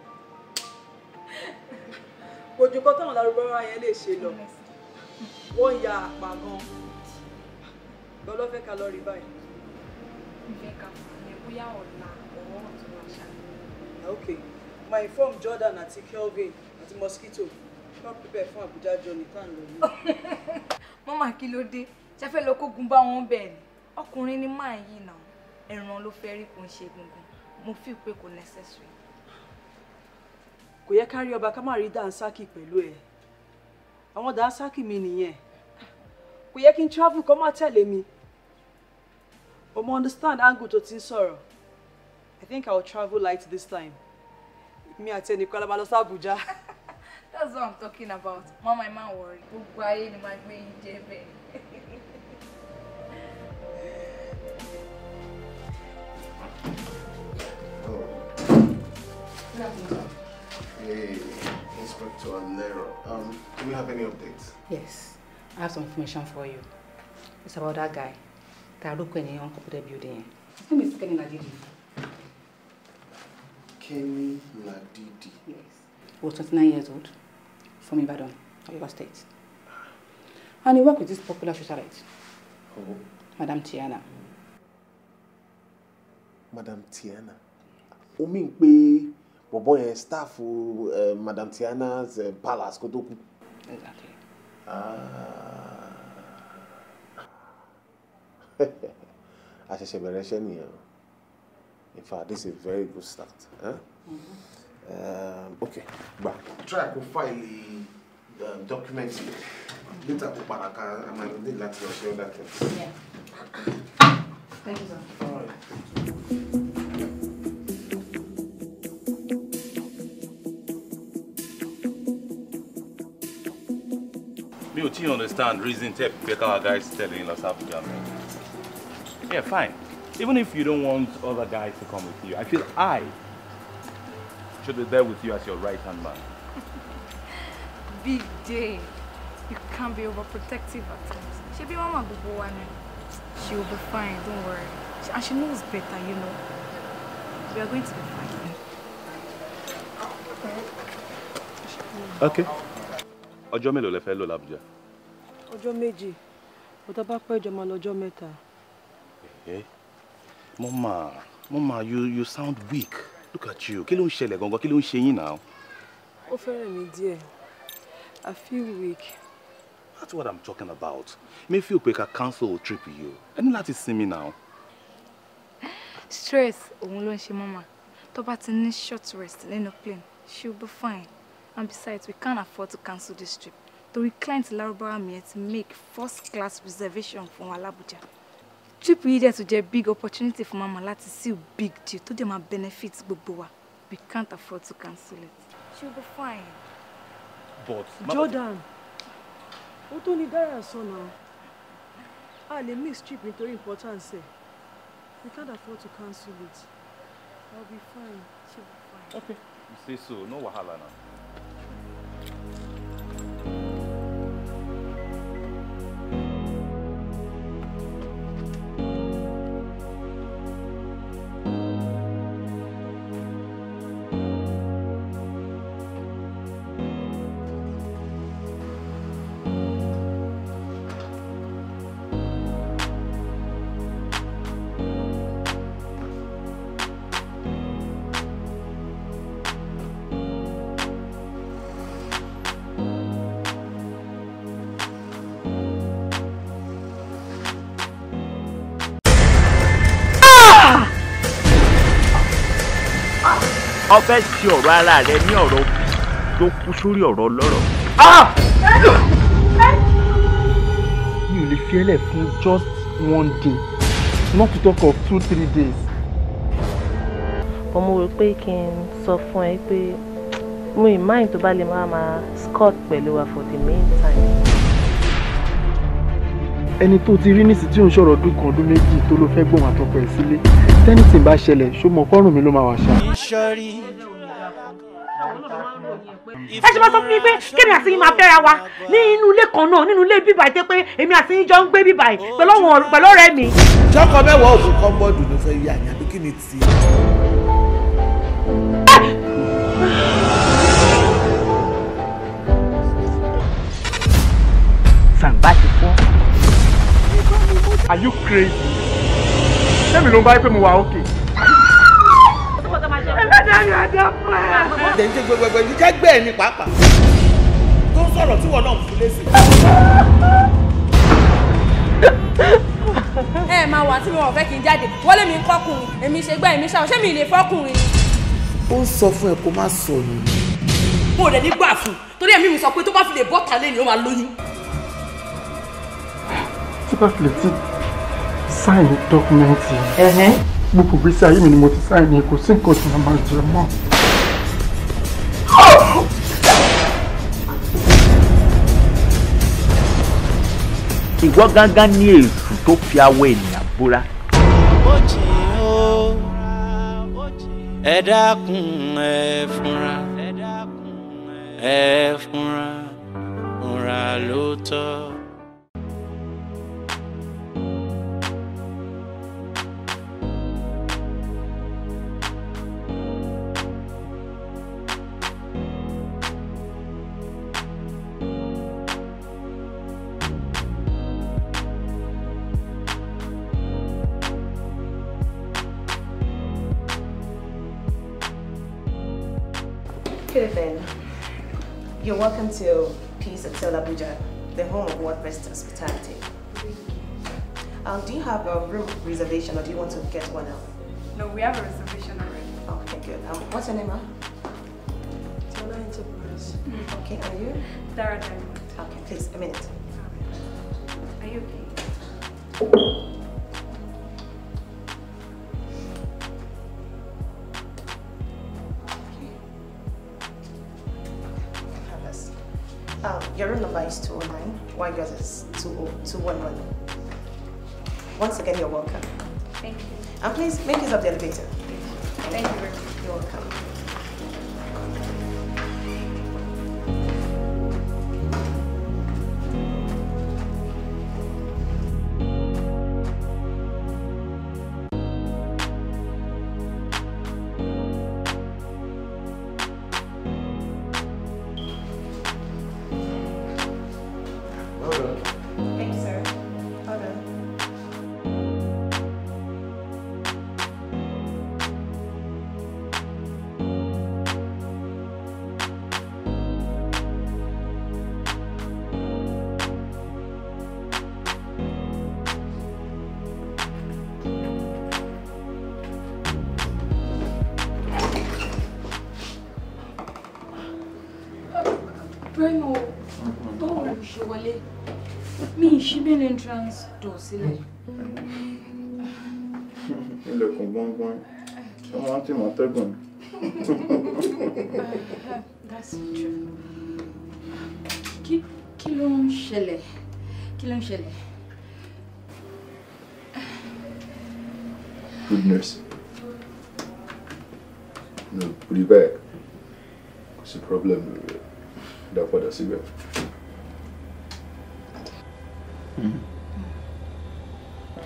[SPEAKER 4] kò ju kọ́tàn lárúbáwá
[SPEAKER 5] yẹn lè ṣe lọ wọ́n ya àpà gan lọ́lọ́fẹ́ ká lọ rí báyìí.
[SPEAKER 6] ǹjẹ́ ká fún mi bóyá ọ̀la ọ̀wọ́ ọ̀tún wá ṣáà.
[SPEAKER 5] Ah, ok my form Jordan àti Kelvin àti mosquito wọ́n pè bẹ́ẹ̀ fún Àbújá jọ ní tá à ń lọ ní.
[SPEAKER 4] mọ́mà kí ló dé ṣe fẹ́ lọ kógun bá wọn bẹ́ẹ̀ ni ọkùnrin ni máa yìí náà ẹ̀ràn ló fẹ́ rí kò ń ṣe gungun mo fi pé kò necessary.
[SPEAKER 5] kò yẹ ká rí ọba ká má rí dànsákì pẹ̀lú ẹ̀ àwọn dànsákì mi nìyẹn kò yẹ kí n travel kó má tẹ̀lé mi o mo understand angle tó ti ń sọ̀rọ̀ I think I will travel light this time mi àti ẹnìkan la máa lọ sí Àbújá.
[SPEAKER 4] That's what I'm talking about. Mama, I'm not worried. ayé ni máa gbé yín jẹ
[SPEAKER 3] Hey, Inspector Lero. Um, do we have any updates?
[SPEAKER 4] Yes, I have some information for you. It's about that guy. Taruko in the uncompleted building. His name is Kenny Nadidi. Kenny Nadidi? Yes. He was 29 years old. from Ibadan, Oyo State. And he worked with this popular socialite, oh. Madam Tiana.
[SPEAKER 3] Madam Tiana? Ó mí pé bọ̀bọ́ yẹn staff uh, Madam Tiana's uh, palace kó tó Exactly. Ah. a ṣẹ̀ṣẹ̀ bẹ̀rẹ̀ In fact, this is a very good start. Huh? Eh? Mm -hmm. Um, okay, gba. try kó fáìlì document later kó padà ká a máa ní láti lọ ṣe other that. Yeah. Thank you, sir. All right.
[SPEAKER 7] you ò tíì understand reason tape. pé guys telling in South Africa yeah fine even if you don't want other guys to come with you I feel I should be there with you as your right-hand man.
[SPEAKER 4] Big day. You can't be overprotective at times. She'll be mama gbogbo wa ni. She be fine, don't worry. She, and she knows better, you know. We are going to be fine. Okay.
[SPEAKER 7] Ojo, mélòó lẹ fẹ́ lo l'Abuja?
[SPEAKER 5] Ojo meji. Bó tá bá pẹ́ jọ máa lọ́jọ́
[SPEAKER 7] eh, eh. Mama, mama, you you sound weak look at you kí ló ń ṣẹlẹ̀ gangan kí ló ń ṣe yín náà.
[SPEAKER 5] ó fẹ́rẹ̀ mi díẹ̀ i
[SPEAKER 4] feel weak.
[SPEAKER 7] that's what i'm talking about mi fi òpè ká cancel trip you. o ẹ ní láti sinmi náà.
[SPEAKER 4] stress òun ló ń ṣe mọ́mà tó bá ti ní short rest lẹ́nu plane she will be fine and besides we can't afford to cancel this trip torí client Lárúbáwá mi ẹ ti make first class reservation fún wa l'Abuja trip yìí dẹ̀ tún jẹ́ big opportunity fún mama láti seal big deal tó dẹ̀ máa benefit gbogbo wa we can't afford to cancel it. she will be fine. but Jordan
[SPEAKER 5] ó tó ní dára sọ náà a lè miss trip nítorí importance ẹ we can't afford to cancel it I'll be fine she will be fine. okay
[SPEAKER 7] you say so no wahala now. ọfẹ́ ti ọ̀rọ̀ ara rẹ ní ọ̀rọ̀ tó kú sórí ọ̀rọ̀ ọlọ́rọ̀. Ah! Ah!
[SPEAKER 3] mi ò lè fi ẹlẹ̀ fún just one day not to talk of two three days. ọmọ rẹ pé
[SPEAKER 5] kí n sọ fún ẹ pé mo ì máa tó bá lè máa máa scott pẹ̀lú wa for the meantime.
[SPEAKER 3] ẹni tó ti rí nísìsiyìí tí ò ń sọ̀rọ̀ ọdún kan ọdún méjì tó ló fẹ́ gbọ̀n àtọkọ ẹ̀ sílé tẹ́nìtì bá ṣẹlẹ̀ ṣùgbọ́n kọ́rùn mi ló máa wà ṣá. ẹ
[SPEAKER 8] ṣe máa sọ fún mi pé
[SPEAKER 6] kémi
[SPEAKER 5] àti yín máa fẹ́ra wa ní inú ilé kan náà nínú ilé bíbà jẹ́ pé èmi àti yín jọ ń gbé bíbà yìí pẹ̀lú ọ̀rẹ́ mi.
[SPEAKER 3] jọ́kọ̀ mẹ́wàá òkú kọ́ bọ́ọ̀dù ló fẹ́ yí àyàn àbí kí ni tì í. ti fọ́. Are you crazy? tẹ́mi ló ń bá yí pé mo wà ókè. ẹlẹ́dàá ni adé fún ẹ. dèjé gbẹgbẹgbẹ yìí pàápàá tó ń sọ̀rọ̀ tí wọ́n náà fi lé sí.
[SPEAKER 4] ẹ máa wà tí mo fẹ́ kí n jáde wọ́n lé mi ń fọ́kùnrin èmi ṣe gbá èmi ṣàwọ̀ ṣé mi lè fọ́kùnrin.
[SPEAKER 3] ó ń sọ fún ẹ kó má sọ nù.
[SPEAKER 4] mo rẹ̀ nígbà fún torí ẹ̀mí mi sọ pé tó bá fi lè bọ́
[SPEAKER 5] lé ni ó máa lóyún.
[SPEAKER 3] tó bá fi lè tí sign document yẹn gbogbo gbèsè ayé mi ni mo ti sign yẹn kò sí nǹkan tí mo máa jẹ mọ́.
[SPEAKER 7] ìwọ gángan ní èṣù tó fi awọ
[SPEAKER 1] ènìyàn búra. ó jìn ó ẹ dákun ẹ fúnra ẹ fúnra fúnra ló tọ́.
[SPEAKER 4] evening. You're welcome to Peace Hotel Abuja, the home of WordPress Hospitality.
[SPEAKER 5] Um, do you have a room reservation or do you want to get one now?
[SPEAKER 4] No, we have a reservation already. Okay, good. Um, what's your name, ma'am? Tona Enterprise. Okay, are you? Dara Diamond. Okay, please, a minute. Are you okay?
[SPEAKER 5] Wine Girls is 211. Once again, you're welcome. Thank you. And please make use of the elevator. Thank
[SPEAKER 4] you. Thank you very much. You're welcome. C'est vrai. Euh,
[SPEAKER 2] euh, c'est bon. bon. tí C'est
[SPEAKER 4] vrai. that's true. qui
[SPEAKER 2] goodness no C'est problème problem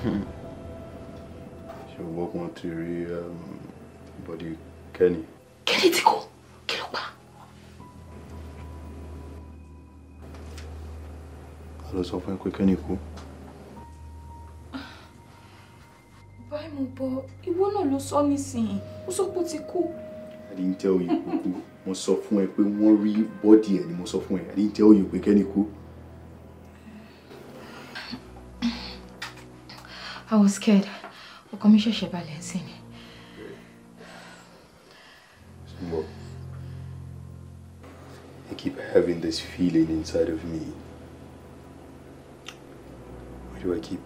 [SPEAKER 2] Hmm. ṣé o wọ́pọ̀ ti rí bọ́dí kẹ́ni. kẹ́ni tí kò kí ló pa.
[SPEAKER 3] a lọ sọ fún ẹ pé kẹ́ni kú.
[SPEAKER 4] báyìí mo bọ ìwọ náà ló sọ nísìnyí ó sọ pé ó ti kú.
[SPEAKER 2] I didn't tell you pé kú mo sọ fún ẹ pé wọ́n rí bọ́dì ẹ̀ ni mo sọ fún ẹ I didn't tell you pé kẹ́ni
[SPEAKER 5] kú.
[SPEAKER 4] I was scared. Ọkàn mi ṣẹ̀ṣẹ̀ balẹ̀ ń ni.
[SPEAKER 2] I keep having this feeling inside of me. Why do I keep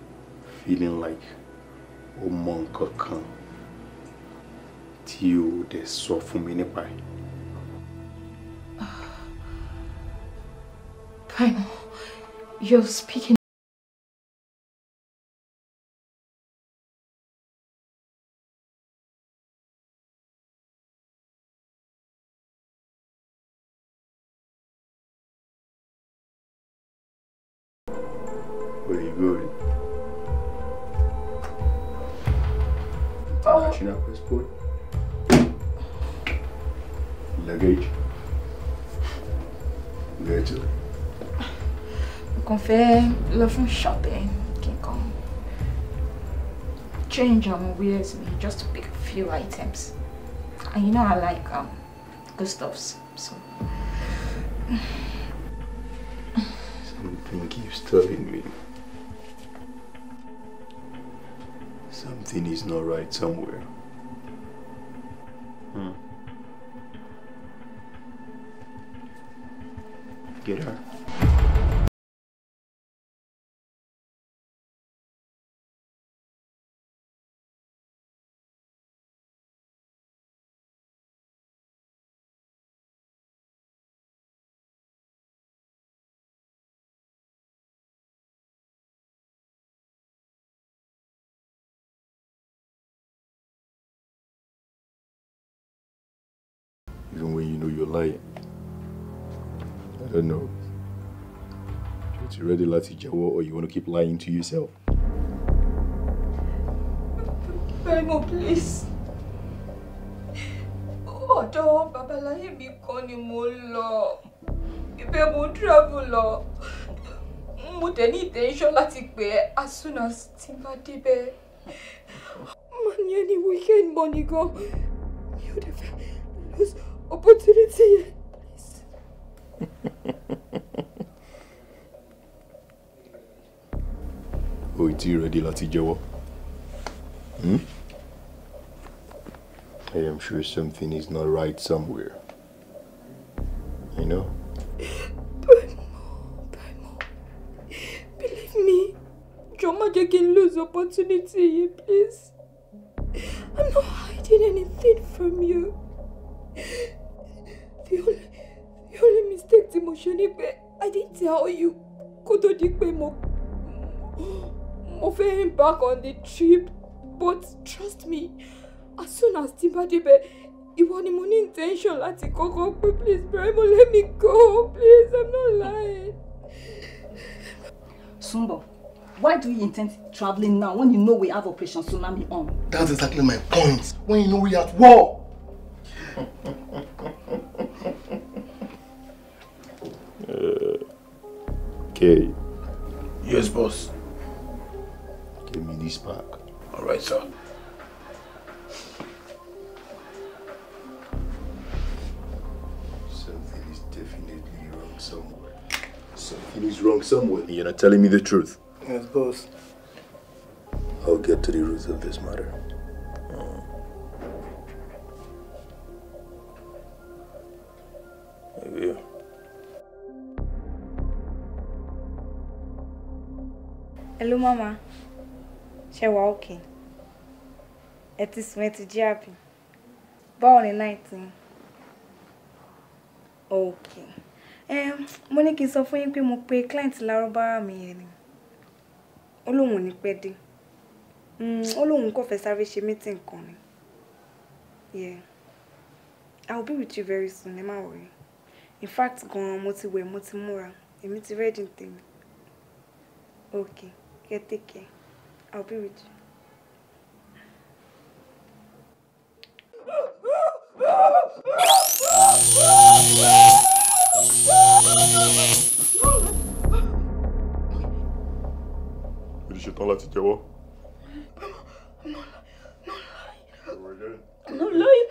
[SPEAKER 2] feeling like
[SPEAKER 3] ó mọ nǹkan kan tí o dẹ̀ sọ fún mi nípa ẹ̀?
[SPEAKER 8] Primal, ah, you're speaking.
[SPEAKER 4] From shopping, can kí change àwọn um, wears me just to pick a few items and you know I like um, good stuffs so.
[SPEAKER 3] Something keeps telling me.
[SPEAKER 2] Something is not right somewhere. Hmm.
[SPEAKER 8] Get her. online. I don't know.
[SPEAKER 2] You're ready láti jẹ́wọ́ or you want to keep lying to yourself.
[SPEAKER 6] Bẹ́ẹ̀mọ̀ please. Ọ̀dọ̀ babaláyé mi kan ni mo lọ. Ibẹ̀ mo travel lọ. Mo dẹ̀ ní intention láti pè as soon as tí n bá débẹ̀. Mo ní ẹni weekend money gan. Mi ò fẹ́. Opportunity.
[SPEAKER 2] o ì tí ì rẹ́dí Hmm? I am sure something is not right somewhere. You know?
[SPEAKER 8] Daimo, Daimo,
[SPEAKER 6] believe me, jọ̀ọ́ má can lose opportunity please. I'm not hiding anything from you. tell you kó tó di pé mo mo fẹ́ embark on the trip but trust me as soon as tí n bá débẹ̀ ìwọ ni mo ní intention láti kọ́kọ́ pé please Brahima let me go please i'm not lying.
[SPEAKER 4] Sumbo, why do you intend travelling now when you know we have Operation Tsunami on?
[SPEAKER 3] That's exactly my point.
[SPEAKER 4] When you know we are at war.
[SPEAKER 2] Okay.
[SPEAKER 3] Yes, boss.
[SPEAKER 2] Give me this back. All right, sir. Something is definitely wrong somewhere. Something is wrong somewhere. You're not telling me the truth.
[SPEAKER 3] Yes, boss.
[SPEAKER 2] I'll get
[SPEAKER 1] to the roots of this matter. Oh. Mm. Yeah.
[SPEAKER 4] Hello, Mama. She walking. It is meant to ẹ Born in àbí? Okay. Um, mo ní offering me sọ fún yín pé mo pe client lárúbáwá mi yẹn ni. Ó lóun ò ní pẹ́ dé. Hmm, meeting Yeah. I will be with you very soon, ẹ má worry. In fact, gan-an mo ti wẹ̀, mo ti múra. Èmi ti ready tèmi. Okay. Okay, take care. I'll be with you.
[SPEAKER 2] Ele te tão te quebrou? Não, não, não lai.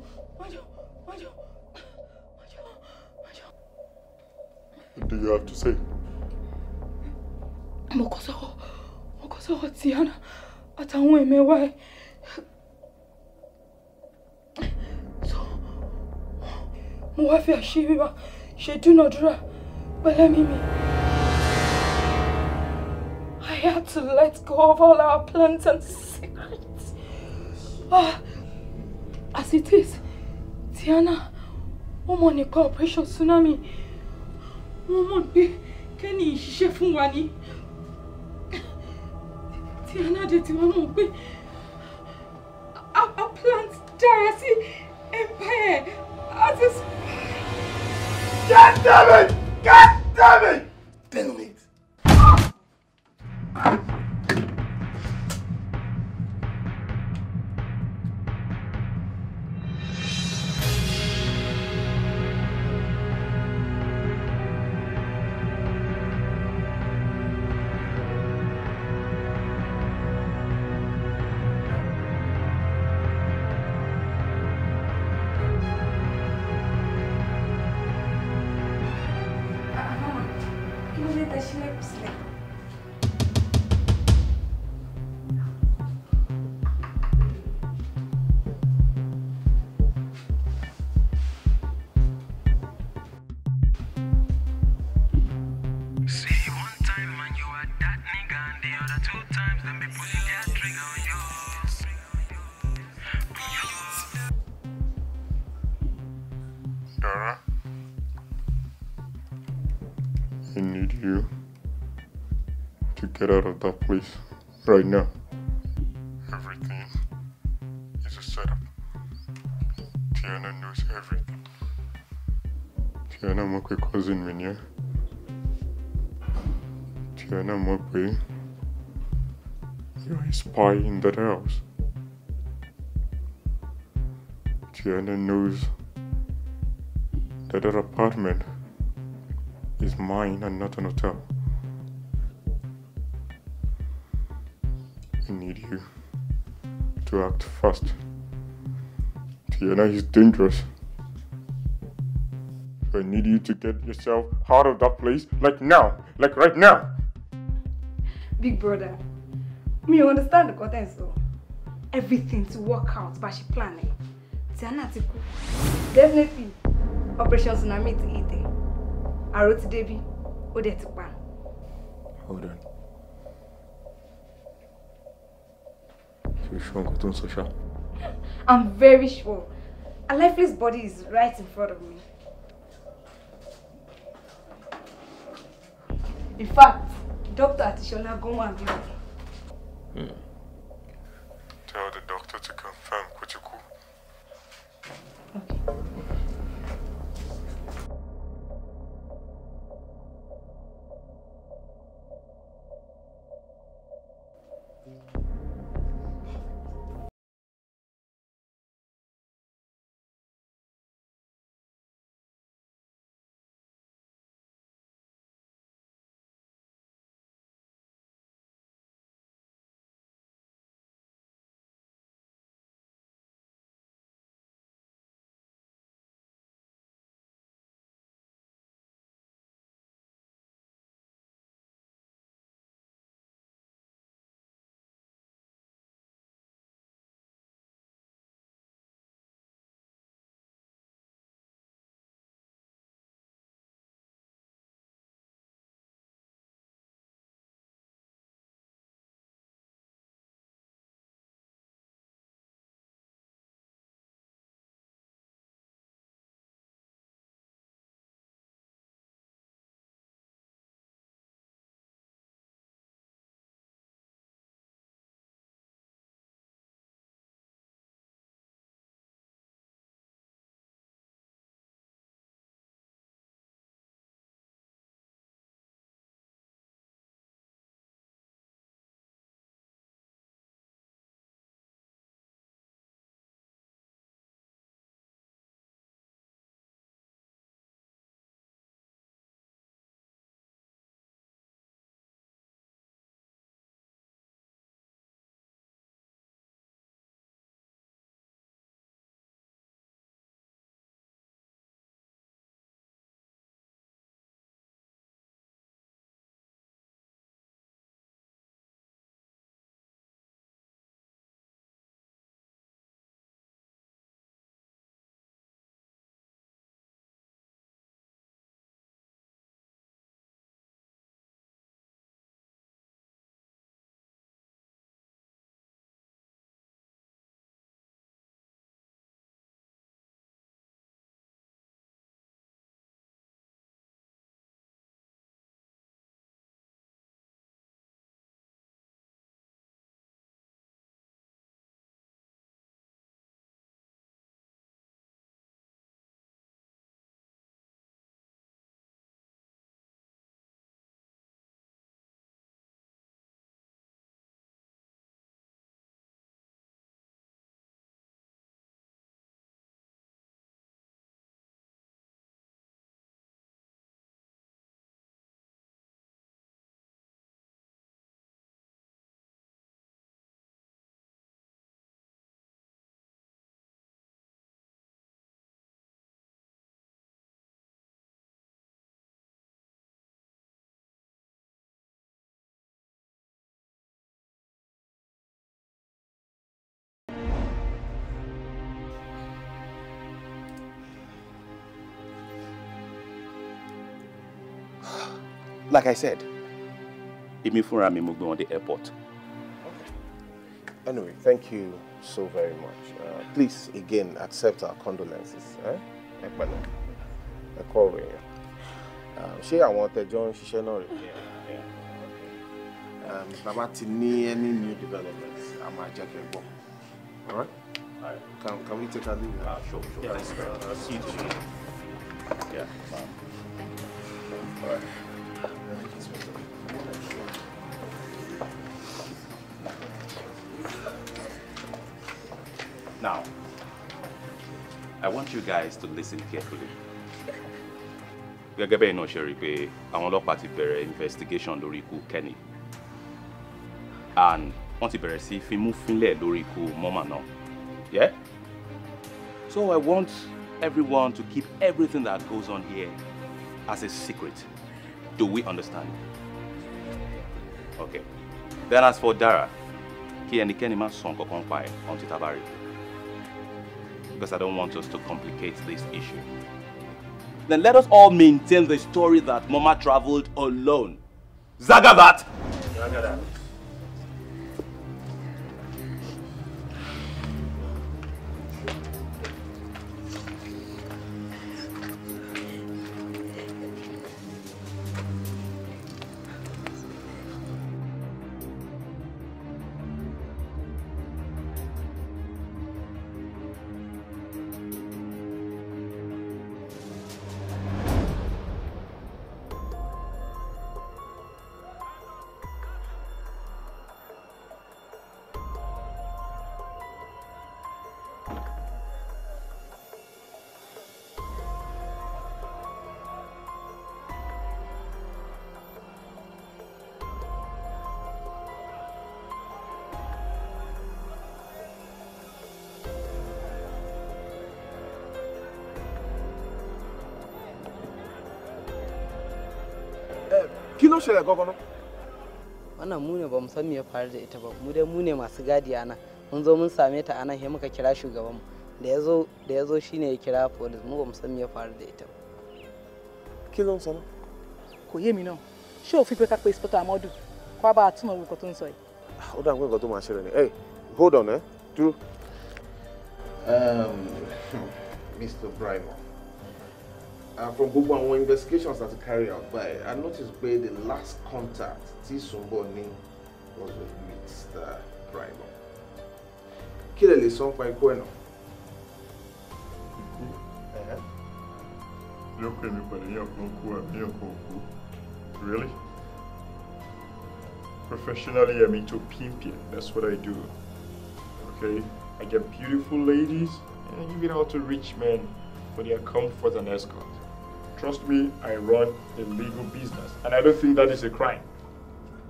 [SPEAKER 2] oh. What do you have to say?
[SPEAKER 4] Mo kọ sọ́wọ́, mo kọ sọ́wọ́ Tiana àtàwọn ẹ̀mẹ́wá ẹ̀.
[SPEAKER 6] Mo wá fi àṣírí wa ṣe dúnàdúrà mi. I had to let go of all our plans and
[SPEAKER 5] secrets.
[SPEAKER 4] Ah, as it is, Tiana, ó mọ̀ Operation Tsunami
[SPEAKER 5] wọ́n mọ̀ pé
[SPEAKER 6] kẹ́ni ìṣiṣẹ́ fún wa ni tí anáde tí wọ́n mọ̀ pé our plant dára sí empire
[SPEAKER 2] as a. God damn it! God damn it! Damn it! Ah! right now. Everything is a setup. Tiana knows everything. Tiana Mokwe cousin Minya. Tiana Mokwe. You're a spy in that house. Tiana knows that that apartment is mine and not an hotel. to act fast. You know he's dangerous. I need you to get yourself out of that place, like now, like right now.
[SPEAKER 4] Big brother, me you understand the content so. Everything to work out, but she planning. Tiana ti Definitely, Operation Tsunami ti hit there. Àrò ti débi, ó
[SPEAKER 3] Hold on.
[SPEAKER 2] ṣe sure nǹkan tó ń sọ
[SPEAKER 4] I'm very sure. A lifeless body is right in front of me. In fact, Dr. Atishola gan wà níbí.
[SPEAKER 3] like I
[SPEAKER 7] said. Èmi fúnra mi mo gbé wọn dé airport.
[SPEAKER 3] Anyway, thank you so very much. Uh, please, again, accept our condolences. Eh? Ẹ pẹ̀lẹ́, ẹ I ọ̀rọ̀ John, Ṣé àwọn tẹjọ́ ń ṣiṣẹ́ náà rè? Um, any new development, a máa jẹ́ All right? Can, can we take a leave? Uh, sure, sure. Yeah, thanks, uh, see you Yeah. Bye. All right.
[SPEAKER 7] Now, I want you guys to listen carefully. Gẹ́gẹ́ bẹ́ẹ̀ náà ṣe rí i pé àwọn ọlọ́pàá ti bẹ̀rẹ̀ investigation lórí ikú Kenny and wọ́n ti bẹ̀rẹ̀ sí fimú fínlẹ̀ lórí ikú mọ́mà náà. Yeah? So I want everyone to keep everything that goes on here as a secret. Do we understand? Okay. Then as for Dara, kí ẹnikẹ́ni má sọ nǹkan kan pa ẹ̀ ọ̀n ti tábà rí i. because I don't want us to complicate this issue. Then let us all maintain the story that Mama traveled alone. Zagabat!
[SPEAKER 3] Zagabat. kilo ló ṣẹlẹ̀ gangan
[SPEAKER 4] wannan mu ne ba mu san me ya faru da ita ba mu dai mu ne masu gadi a nan mun zo mun same ta a nan sai muka kira shugabanmu da ya zo da ya zo shine ya kira police mu ba mu san me ya faru da ita ba. kí ló ń sọ náà. kò yé mi náà pe ìsìpọ́tà amadu kó a bá a túmọ̀ orúkọ tó ń sọ yìí.
[SPEAKER 3] Ah, ó dà nǹkan ne. máa hold on eh dúró. Um, Mr. Brymo uh, from gbogbo one investigations that carry out by I noticed where the last contact T Somboni, was with Mr. Primo. Kí lè lè sọ nípa ikú ẹ̀
[SPEAKER 2] Really? Professionally, I'm into pimping. That's what I do. Okay? I get beautiful ladies and I give it out to rich men for their comfort and escort. Trust me, I run a legal business, and I don't think that is a crime.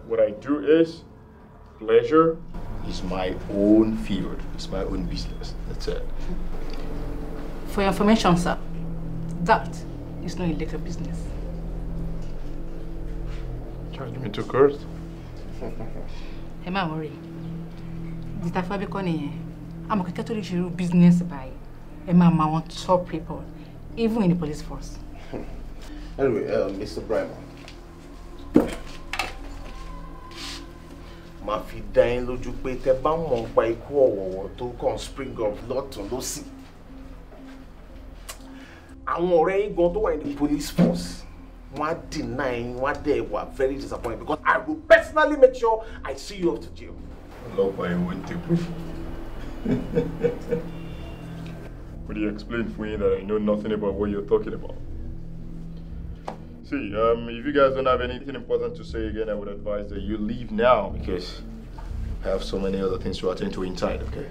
[SPEAKER 2] What I do is pleasure It's my own field, it's my own business. That's it.
[SPEAKER 4] For your information, sir, that is not illegal business. Charge me to court. Ẹ má worry. Mr. Fabiko nìyẹn, àmọ́ kékeré tó lè ṣerú business báyìí. Ẹ máa ma worry mister fabiko niyen amo going to le seru business by. e maa ma top people, even in the police force.
[SPEAKER 3] Hmm. anyway, uh, um, Mr. Bryman, máa fi dá yín lójú pé tẹ bá mọ̀ nípa ikú ọ̀wọ̀wọ̀ tó spring up lọ́tún lọ́sì àwọn ọ̀rẹ́ yín gan to wà ní the police force wọ́n á deny yín wọ́n á very disappointed because I will personally make sure I see you off to jail. ọlọ́pàá ìwọ ń tẹ̀kù. Would
[SPEAKER 2] you explain for me that I know nothing about what you're talking about? See, um, if you guys don't have anything important to say again, I would advise that you leave now because I have so many other things to attend to
[SPEAKER 8] inside, okay?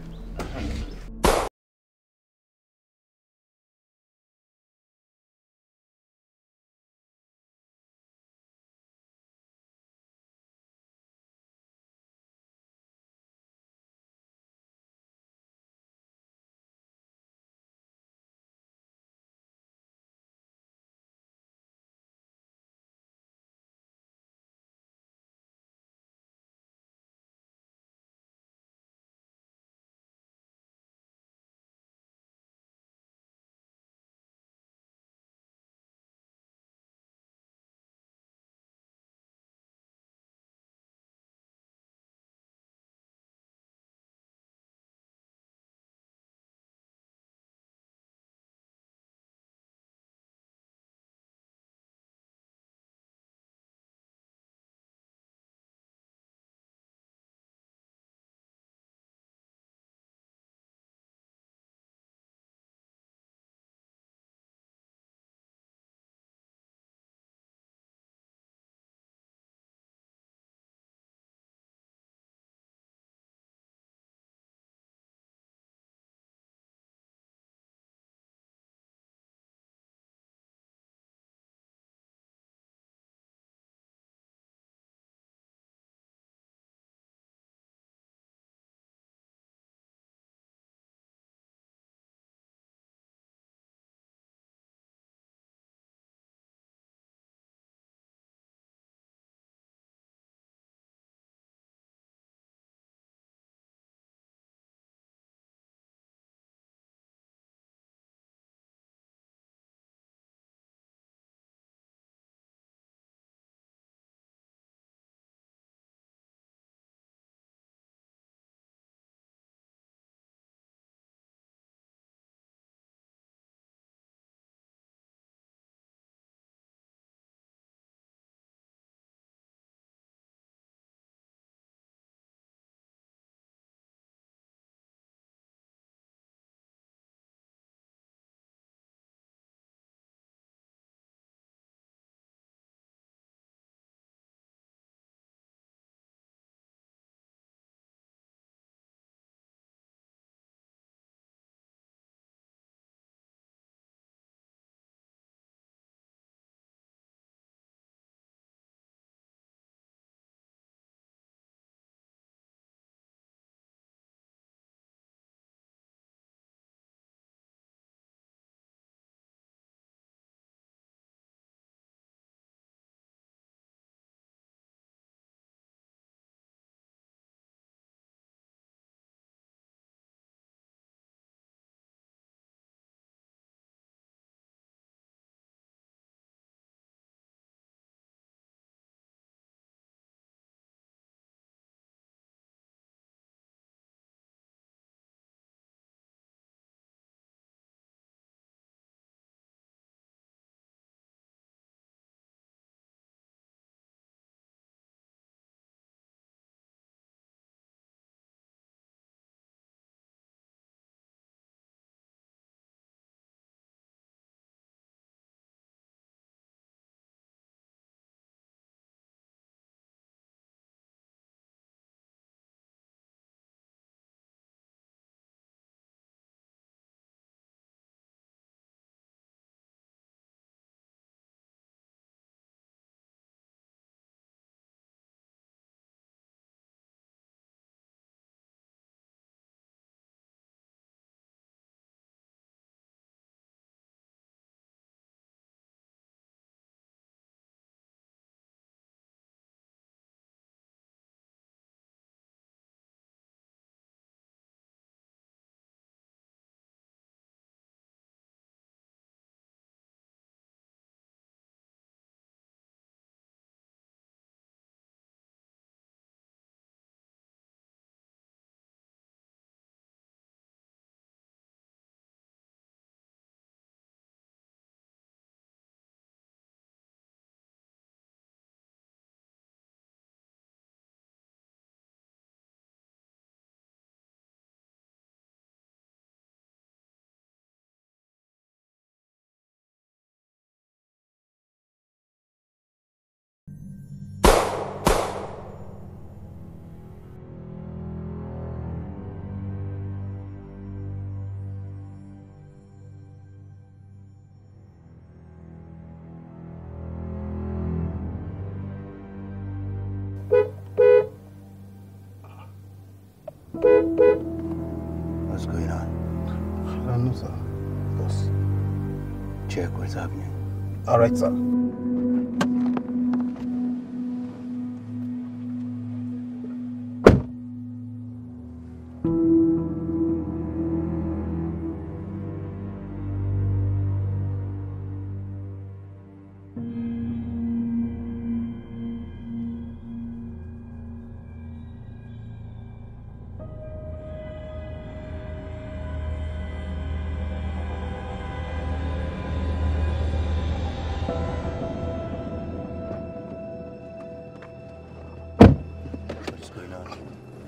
[SPEAKER 3] check what's happening. All right, sir.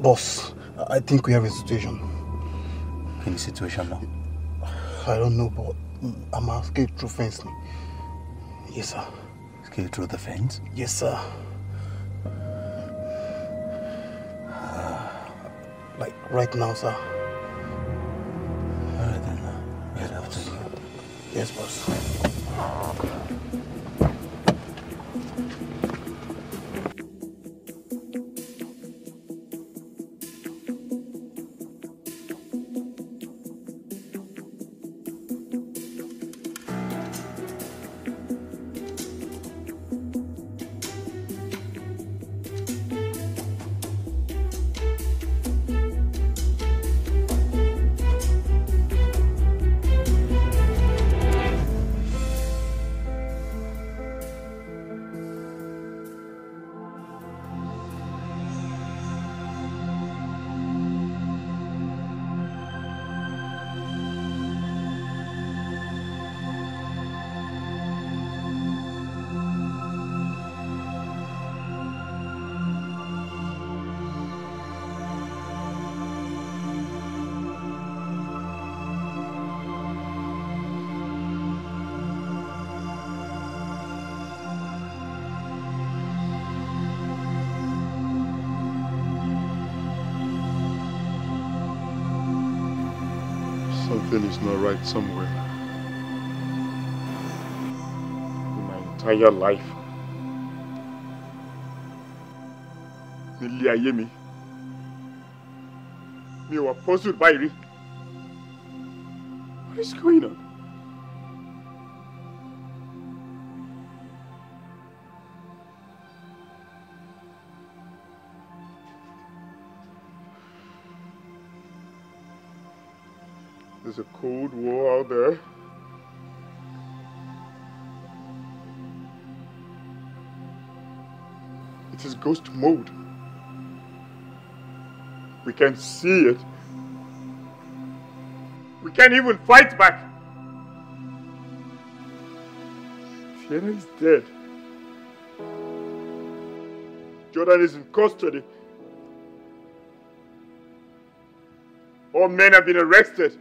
[SPEAKER 3] Boss, I think we have a situation. Any situation now? I don't know, but I'm asking through fence. Yes, sir. Escaped through the fence? Yes, sir.
[SPEAKER 1] Uh, like right now, sir. All right then. Uh, right yes, after boss. you.
[SPEAKER 3] Yes, boss.
[SPEAKER 2] Something is not right somewhere. In my entire life. Nílé ayé mi. Mi puzzled by me. What is going on? There's a cold war out there. It is ghost mode. We can see it. We can't even fight back. Fiona is dead. Jordan is in custody. All men have been arrested.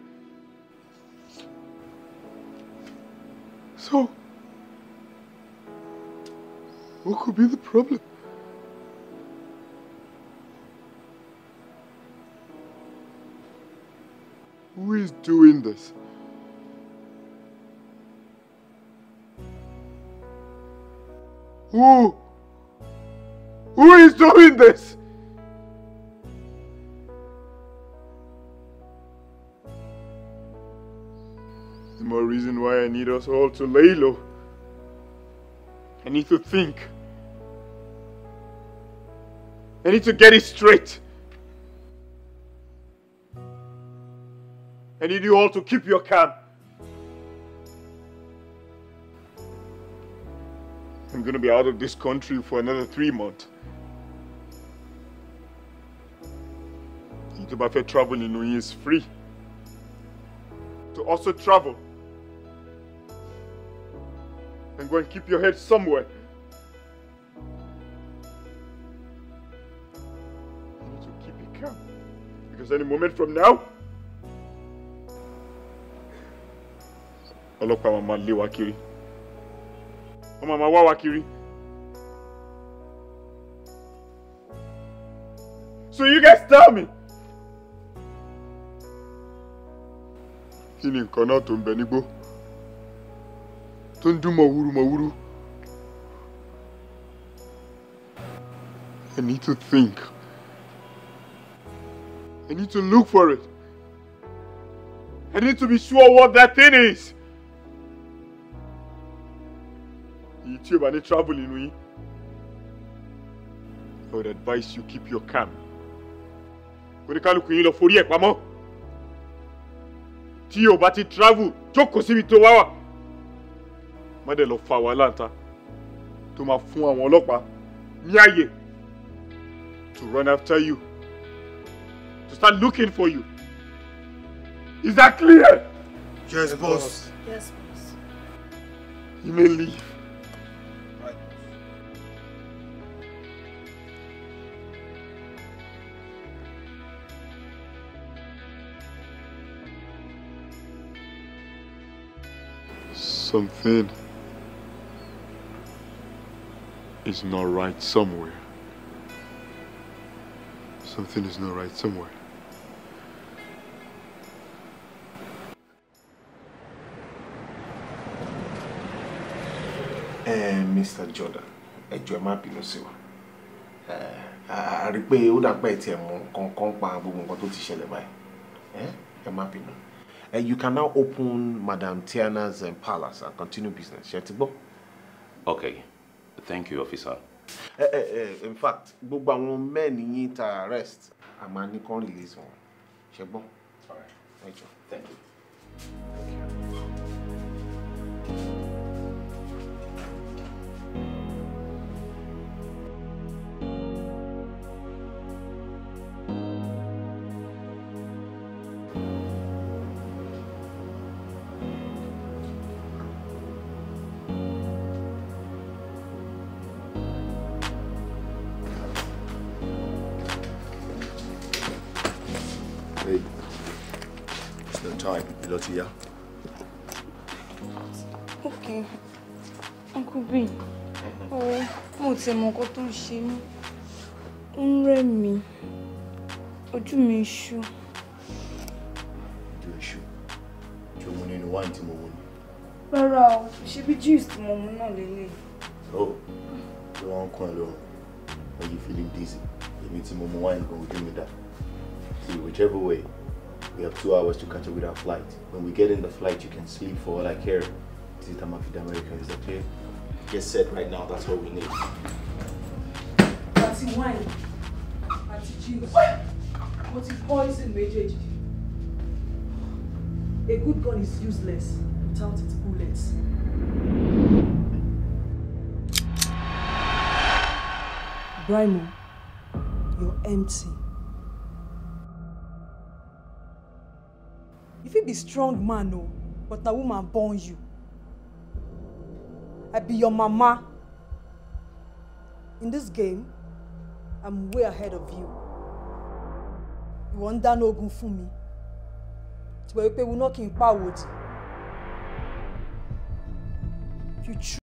[SPEAKER 2] So, what could be the problem? Who is doing this? Who? Who is doing this? reason why I need us all to lay low. I need to think. I need to get it straight. I need you all to keep your calm. I'm going to be out of this country for another three months. Itubafe travel in Uyi is free. To also travel and go and keep your head somewhere. You need to keep it calm. Because any moment from now, ọlọ́pàá look máa lé wa wakiri. wọ́n máa wawakiri. So you guys tell me. kí ni nǹkan náà tó ń dún mọ̀wúrú mọ̀wúrú. I need to think. I need to look for it. I need to be sure what that thing is. Èyí tí o bá ní travel inú I would advise you keep your calm. Oníkálukú yín lọ forí ẹ̀ pamọ́. Tí o bá ti travel, jókòó síbi tó wá wà má dẹ̀ lọ fa wàhálà ta tó máa fún àwọn ọlọ́pàá ní àyè to run after you to start looking for you is that clear.
[SPEAKER 8] yes boss. yes boss.
[SPEAKER 2] you may leave. something is not right somewhere. Something is not right somewhere.
[SPEAKER 3] Eh, Mr. Jordan, ẹ jọ̀ọ́ ẹ má bínú sí wa. Eh, a rí pé ó dàgbà ẹ̀ tí ẹ̀ mọ nǹkan kan pa gbogbo nǹkan tó ti ṣẹlẹ̀ báyìí. Eh, eh, you can now open Madame Tiana's um, palace and continue business. Okay thank you officer. Eh, eh, eh. in fact gbogbo àwọn mẹ́ẹ̀ni yín ta arrest a máa ní kán release wọn ṣe gbọ́. ẹ jọ. thank you. Thank you.
[SPEAKER 4] ti mọ nǹkan tó ń ṣe mí ń rẹ̀ mí ojú mi ṣú.
[SPEAKER 2] ojú iṣu ṣé o mu nínú wáìnì tí mo mu ni.
[SPEAKER 4] rárá o ṣe bí juice tí mo mu náà lélẹ̀.
[SPEAKER 2] ó ṣé wọ́n ń kún ẹ yí feeling dizzy èmi tí mo mu wáìnì gan ojú mi dá see whichever way
[SPEAKER 7] we have two hours to catch up with our flight when we get in the flight you can sleep for all I care. This is Tamafid America, is that clear? Get set right now. That's what we need.
[SPEAKER 5] Àti wine. Àti juice. What is poison méjèèjì. A good gun is useless without its bullets. Brimo, you're empty. You fit be strong man o, oh, but na woman born you. I be your mama. In this game, I'm way ahead of you. You Ìwọ ń no ogun fún me. Tiwọ̀ wípé wuná kì í pàwọ̀ dì. You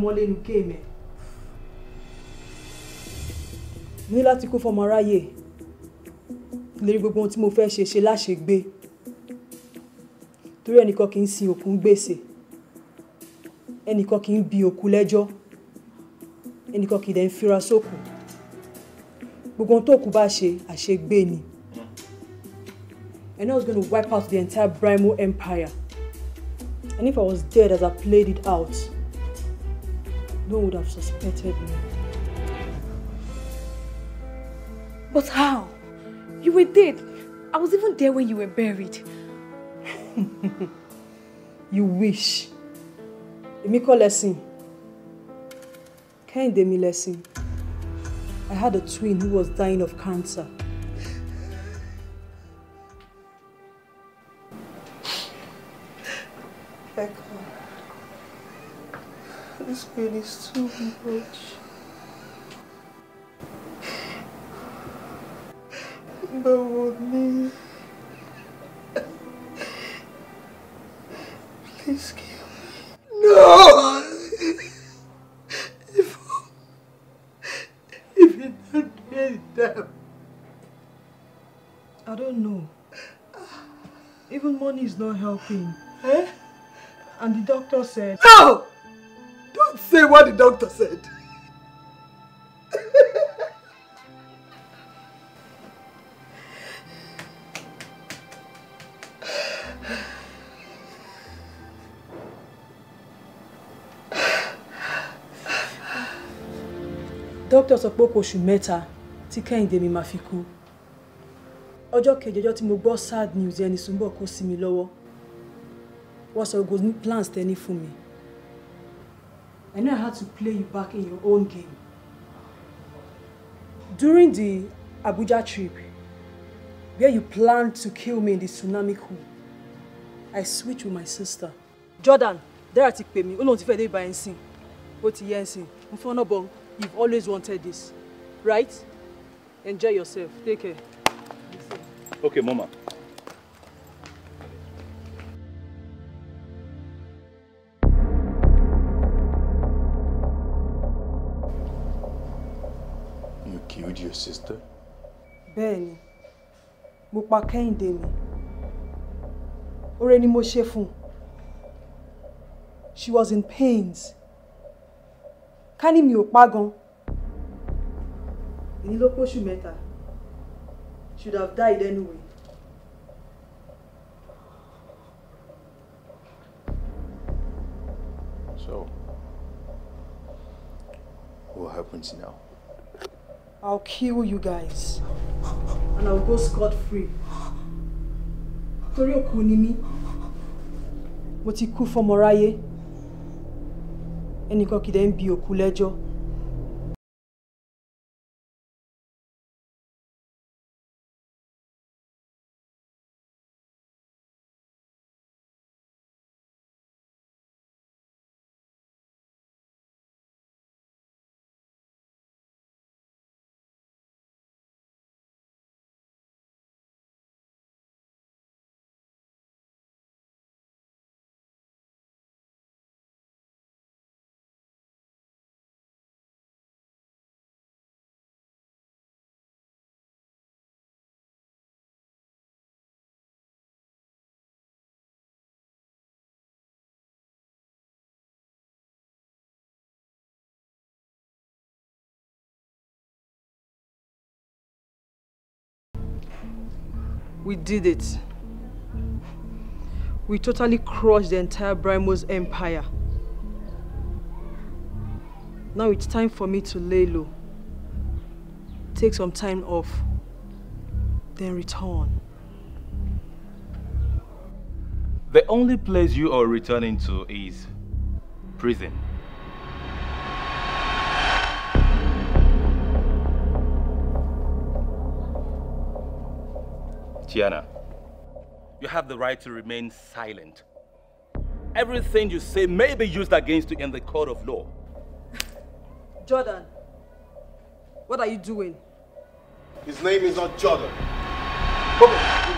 [SPEAKER 5] mọ́lé nu kéèmẹ̀. mo ní láti kó fọmọ aráyè lórí gbogbo ohun tí mo fẹ́ ṣe ṣe láṣegbé torí ẹnìkan kì í sin òkú ń gbèsè ẹnìkan kì í bi òkú lẹ́jọ́ ẹnìkan kì í dẹ̀ ń fira sókù gbogbo ohun tó kù bá ṣe àṣegbé ni and I was going to wipe out the entire Brimo empire and if I was dead as I played it out. who would have suspected me.
[SPEAKER 4] But how? You were dead. I was even there when you were buried.
[SPEAKER 5] you wish. Emiko lesson. Kende me Lessing. I had a twin who was dying of cancer.
[SPEAKER 3] Echo. This pain is too much. But with me,
[SPEAKER 8] please kill me. No! If,
[SPEAKER 5] if you don't kill them. I don't know. Even money is not helping. Eh? And the doctor
[SPEAKER 3] said... No! say what the doctor said.
[SPEAKER 5] Doctor sọ pé oṣù mẹ́ta tí kẹ́hìndé mi máa fi kú ọjọ́ kejì ọjọ́ tí mo gbọ́ sad news ẹni sùnbọ̀ kó sí mi lọ́wọ́ wọ́n sọ ogun plans tẹ́ni fún mi I know how to play you back in your own game. During the Abuja trip, where you planned to kill me in the tsunami coup, I switched with my sister. Jordan, there ti pè mí, ó lóun ti fẹ́ dé ìbáyẹn sìn. Ó ti yẹn sìn. Mo you've always wanted this, right? Enjoy yourself, take care.
[SPEAKER 7] Okay, mama.
[SPEAKER 1] sister?
[SPEAKER 5] Bẹ́ẹ̀ni, mo pa Kẹ́hìndé ni. Oore ni mo ṣe fún She was in pains. Ká ní mi ò pa gan. Èyí ló póṣù mẹ́ta. Should have died anyway.
[SPEAKER 7] So, what happens now?
[SPEAKER 5] I'll kill you guys. And I'll go scot-free. Torí òkú ni mí. Mo ti kú fọmọ ráyé. Ẹnìkan kìí dẹ̀ We did it. We totally crushed the entire Brimo's empire. Now it's time for me to lay low. Take some time off. Then return.
[SPEAKER 7] The only place you are returning to is prison. Tiana, you have the right to remain silent. Everything you say may be used against you in the court of law.
[SPEAKER 5] Jordan, what are you doing? His name is not Jordan. Come on.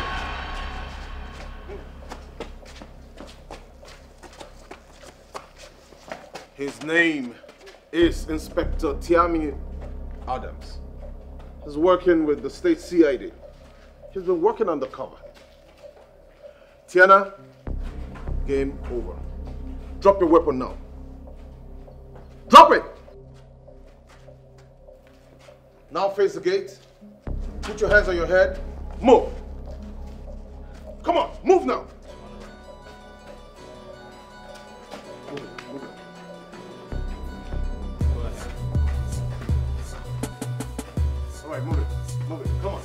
[SPEAKER 3] His name is Inspector Tiami Adams. He's working with the state CID. She's been working undercover. Tiana, game over. Drop your weapon now. Drop it! Now face the gate. Put your hands on your head. Move. Come on, move now. All right, move it. Move it. Come on.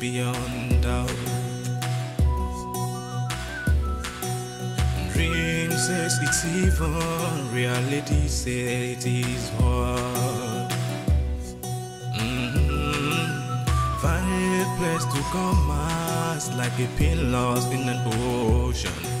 [SPEAKER 1] beyond doubt. Dream says it's evil, reality says it is hard. Mm-hmm. Find a place to come as like a pin lost in an ocean.